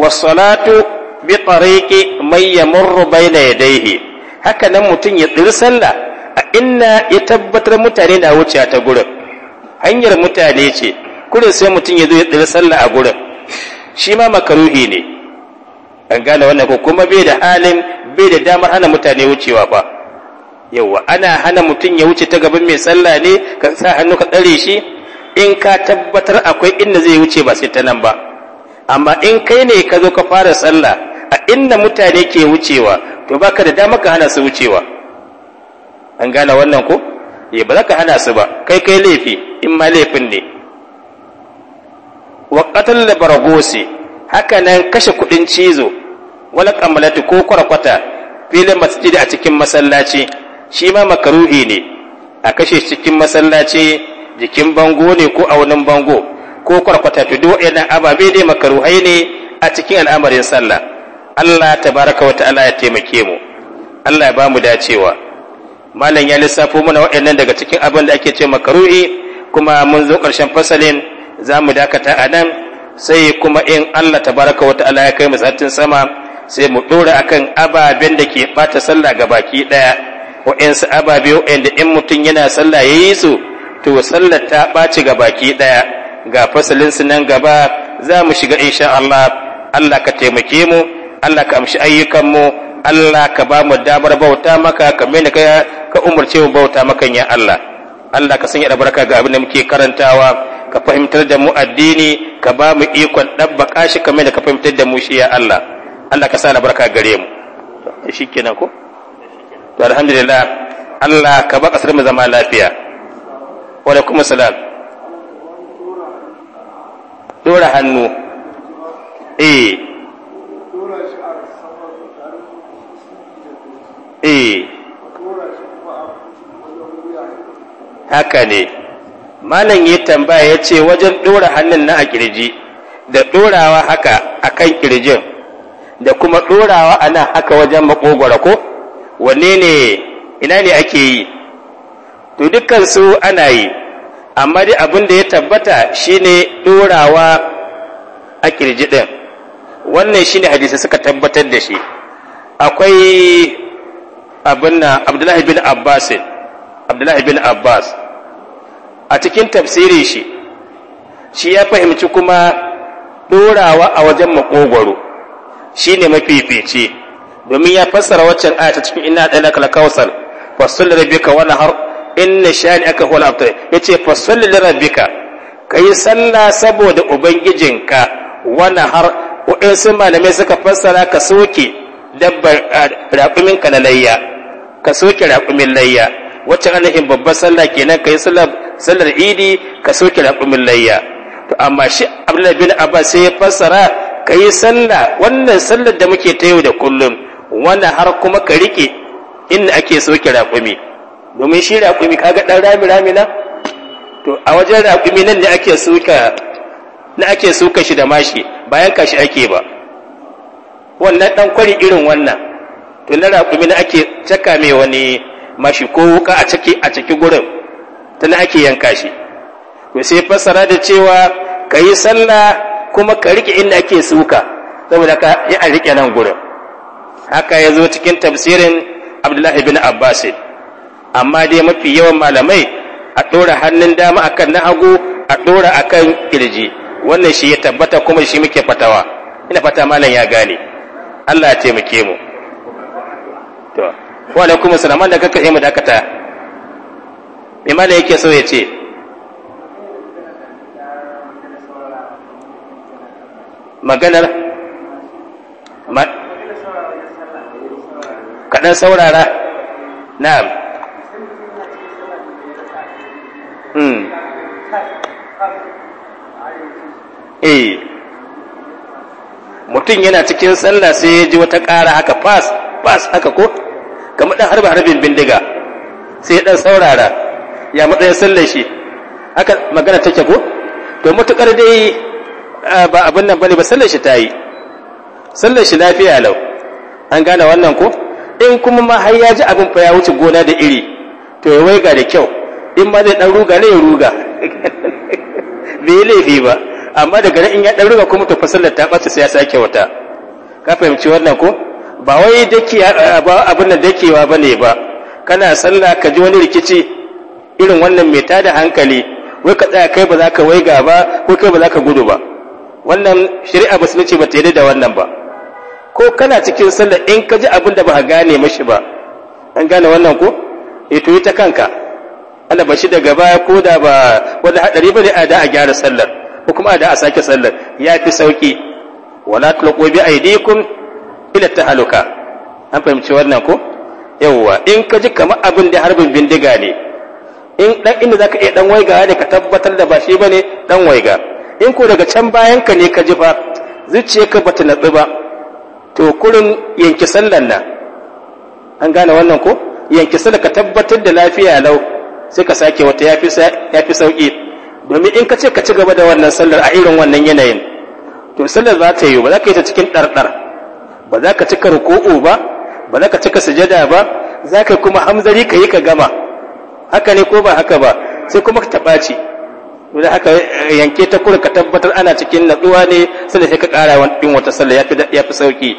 wasalatu bi tariqi man yamurru bayna yadayhi haka nan mutum ya tsiri sallah a inna ya tabbatar mutane na wuce ta gurin hanyar mutane ce kurin sai mutum ya zo ya tsiri sallah a gurin shi ma makaruhi ne an gane wannan ko kuma bai da halin bai da damar hana mutane wucewa ba yawa ana hana mutum ya wuce ta gaban mai sallah ne kan sa hannu ka tsare shi in ka tabbatar akwai inda zai wuce ba sai ta nan ba amma in kai ne ka zo ka fara sallah a inda mutane ke wucewa to baka da damar ka hana su wucewa an gane wannan ko ya eh, ba za ka hana su ba kai kai laifi in ma laifin ne wa qatal baragosi haka nan kashe kudin cizo wala kammalati ko kwarkwata filin masjidi a cikin masallaci shi ma makaruhi ne a kashe cikin masallaci jikin bango ne ko wani bango ko kwarkwata to duk waɗannan ababe dai makaruhai ne a cikin al'amarin sallah Allah tabaraka wa ta'ala ya taimake mu Allah ya ba mu dacewa malam ya lissafo mana waɗannan daga cikin abin da ake ce makaruhi kuma mun zo ƙarshen fasalin za mu dakata a nan sai kuma in Allah tabaraka wa ta'ala ya kai mu satin sama sai mu ɗora a kan ababen da ke ɓata sallah ga baki ɗaya wa'ansu ababe wa'anda in mutum yana sallah ya yi su to sallah ta ɓaci ga baki ɗaya, ga fasalin su nan gaba za mu shiga insha Allah Allah ka taimake mu Allah ka amshi ayyukan mu Allah ka ba mu damar bauta maka kamar da ka umarce mu bauta maka ya Allah Allah ka sanya baraka ga abin da muke karantawa ka fahimtar da mu addini ka ba mu ikon ɗabbaƙa shi kamar da ka fahimtar da mu shi ya Allah Allah ka sa albarka gare mu kenan ko to alhamdulillah Allah ka ba kasar mu zama lafiya wa alaikum assalam dora hannu eh eh haka ne malam ya tambaya ya ce wajen dora hannun na a kirji da dorawa haka akan kirjin da kuma ɗorawa a nan haka wajen makogwara ko wanne ne ina ne ake yi to dukansu ana yi amma dai abin da ya tabbata shine ɗorawa a kirji ɗin wannan shine hadisi suka tabbatar da shi akwai abin na abdullahi bin abbas abdullahi bin abbas a cikin tafsirin shi shi ya fahimci kuma ɗorawa a wajen makogwaro Shi mafi mafifici domin ya fassara waccan aya ta cikin inna ɗaya kala kawsal fasul rabbika wani har inna shani aka hula abtar yace fasul rabbika kai sallah saboda ubangijinka har nahar waɗansu malamai suka fassara ka soke dabbar raƙumin ka na layya ka soke raƙumin layya waccan anahin babbar sallah kenan kai sallar idi ka soke raƙumin layya to amma shi abdullahi bin abbas sai ya fassara ka yi sallah wannan sallar da muke ta yau da kullum wanda har kuma ka riƙe inda ake soke raƙumi domin shi raƙumi kaga ɗan rami rami na to a wajen raƙumi nan ne ake suka na ake shi da mashi bayan kashi ake ba wannan ɗan kwari irin wannan to na raƙumi na ake caka mai wani mashi ko wuka a ciki a ciki gurin ta na ake yanka shi to sai fassara da cewa ka yi sallah kuma ka rike inda ake suka saboda ka yi a rike nan gurin haka ya zo cikin tafsirin abdullahi bin abbas amma dai mafi yawan malamai a ɗora hannun dama akan na hagu a ɗora akan kirji wannan shi ya tabbata kuma shi muke fatawa ina fata malam ya gane Allah ya taimake mu to wa alaikum assalam da kaka yi mu dakata me malam yake so ya ce maganar kaɗan saurara na'am hmm. eh mutum yana cikin sallah sai ya ji wata ƙara haka fas fas haka ko kamar ɗan harba harbin bindiga sai ya ɗan saurara ya matsayin sallar shi haka magana take ko to matuƙar dai ba abin nan bane ba sallar shi ta yi sallar shi lafiya lau an gane wannan ko in kuma ma har ya ji abin fa ya wuce gona da iri to ya waiga da kyau in ma zai dan ruga ne ya ruga (laughs) bai yi laifi ba amma daga nan in ya dan ruga kuma to fasallar ta bace sai ya sake wata ka fahimci wannan ko ba wai dake abin nan dakewa bane ba kana sallah ka ji wani rikici irin wannan mai tada hankali wai ka tsaya kai ba za ka waiga ba ko kai ba za ka gudu ba wannan shari'a musulunci ba ta yi da wannan ba ko kana cikin sallar in ka ji abin da ba a gane mashi ba an gane wannan ko e to yi ta kanka ana ba shi daga baya ko da ba wani hadari ba ne a da a gyara sallar ko kuma a da a sake sallar ya fi sauki wala tulqu bi aydikum ila tahaluka an fahimci wannan ko yawwa in ka ji kamar abin da harbin bindiga ne in dan inda zaka iya dan waiga ne ka tabbatar da ba shi bane dan waiga in ko daga can bayan ka ne ka ji zuciya ka bata natsu ba to kurin yanki sallan nan an gane wannan ko yanki sallar ka tabbatar da lafiya lau sai ka sake wata yafi sauki domin in ka ce ka ci gaba da wannan sallar a irin wannan yanayin to sallar za ta yi ba za ka yi ta cikin ɗarɗar ba za ka cika ruku'u ba ba za ka cika sujada ba za ka kuma hamzari ka yi ka gama haka ne ko ba haka ba sai kuma ka ce. da haka yanke ta kurin ka tabbatar ana cikin natsuwa ne sai sai ka ƙara din wata sallah ya fi sauki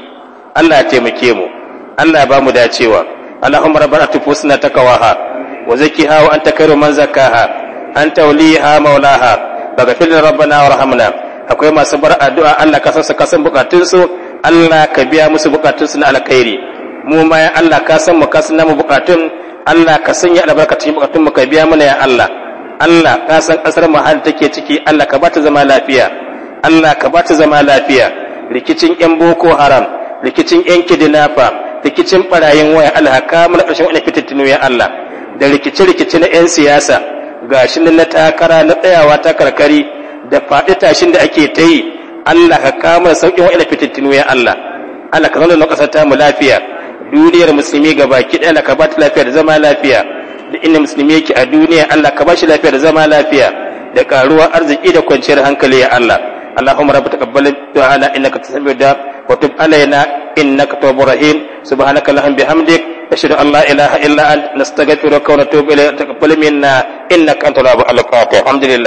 Allah ya taimake mu Allah ba mu dacewa Allahumma rabbana tufusna takawaha wa zakkiha wa anta khairu man zakkaha anta waliha maulaha baghfir lana rabbana warhamna akwai masu bar addu'a Allah ka san su bukatun su Allah ka biya musu bukatun su na alkhairi mu ma ya Allah ka san mu ka mu bukatun Allah ka sanya albarkacin bukatun mu ka biya mana ya Allah Allah ka san kasar mu hal take ciki Allah ka bata zama lafiya Allah ka bata zama lafiya rikicin yan boko haram rikicin yan kidnapper rikicin barayin waya Allah ka mana ƙarshen wani fitintinu ya Allah da rikice-rikice na 'yan siyasa gashi na takara na tsayawa ta karkari da faɗi tashin da ake ta yi Allah ka kama sauƙin wa'ina fitintinu ya Allah Allah ka zauna na ƙasar mu lafiya duniyar musulmi gaba ki ɗaya ka ba ta lafiya da zama lafiya da inda musulmi yake a duniya Allah ka bashi lafiya da zama lafiya da karuwar arziki da kwanciyar hankali ya Allah اللهم رب تقبل دعانا انك تسمع الدعاء وتب علينا انك تواب رحيم سبحانك اللهم بحمدك اشهد ان لا اله الا انت نستغفرك ونتوب اليك تقبل منا انك انت الوهاب القادر الحمد لله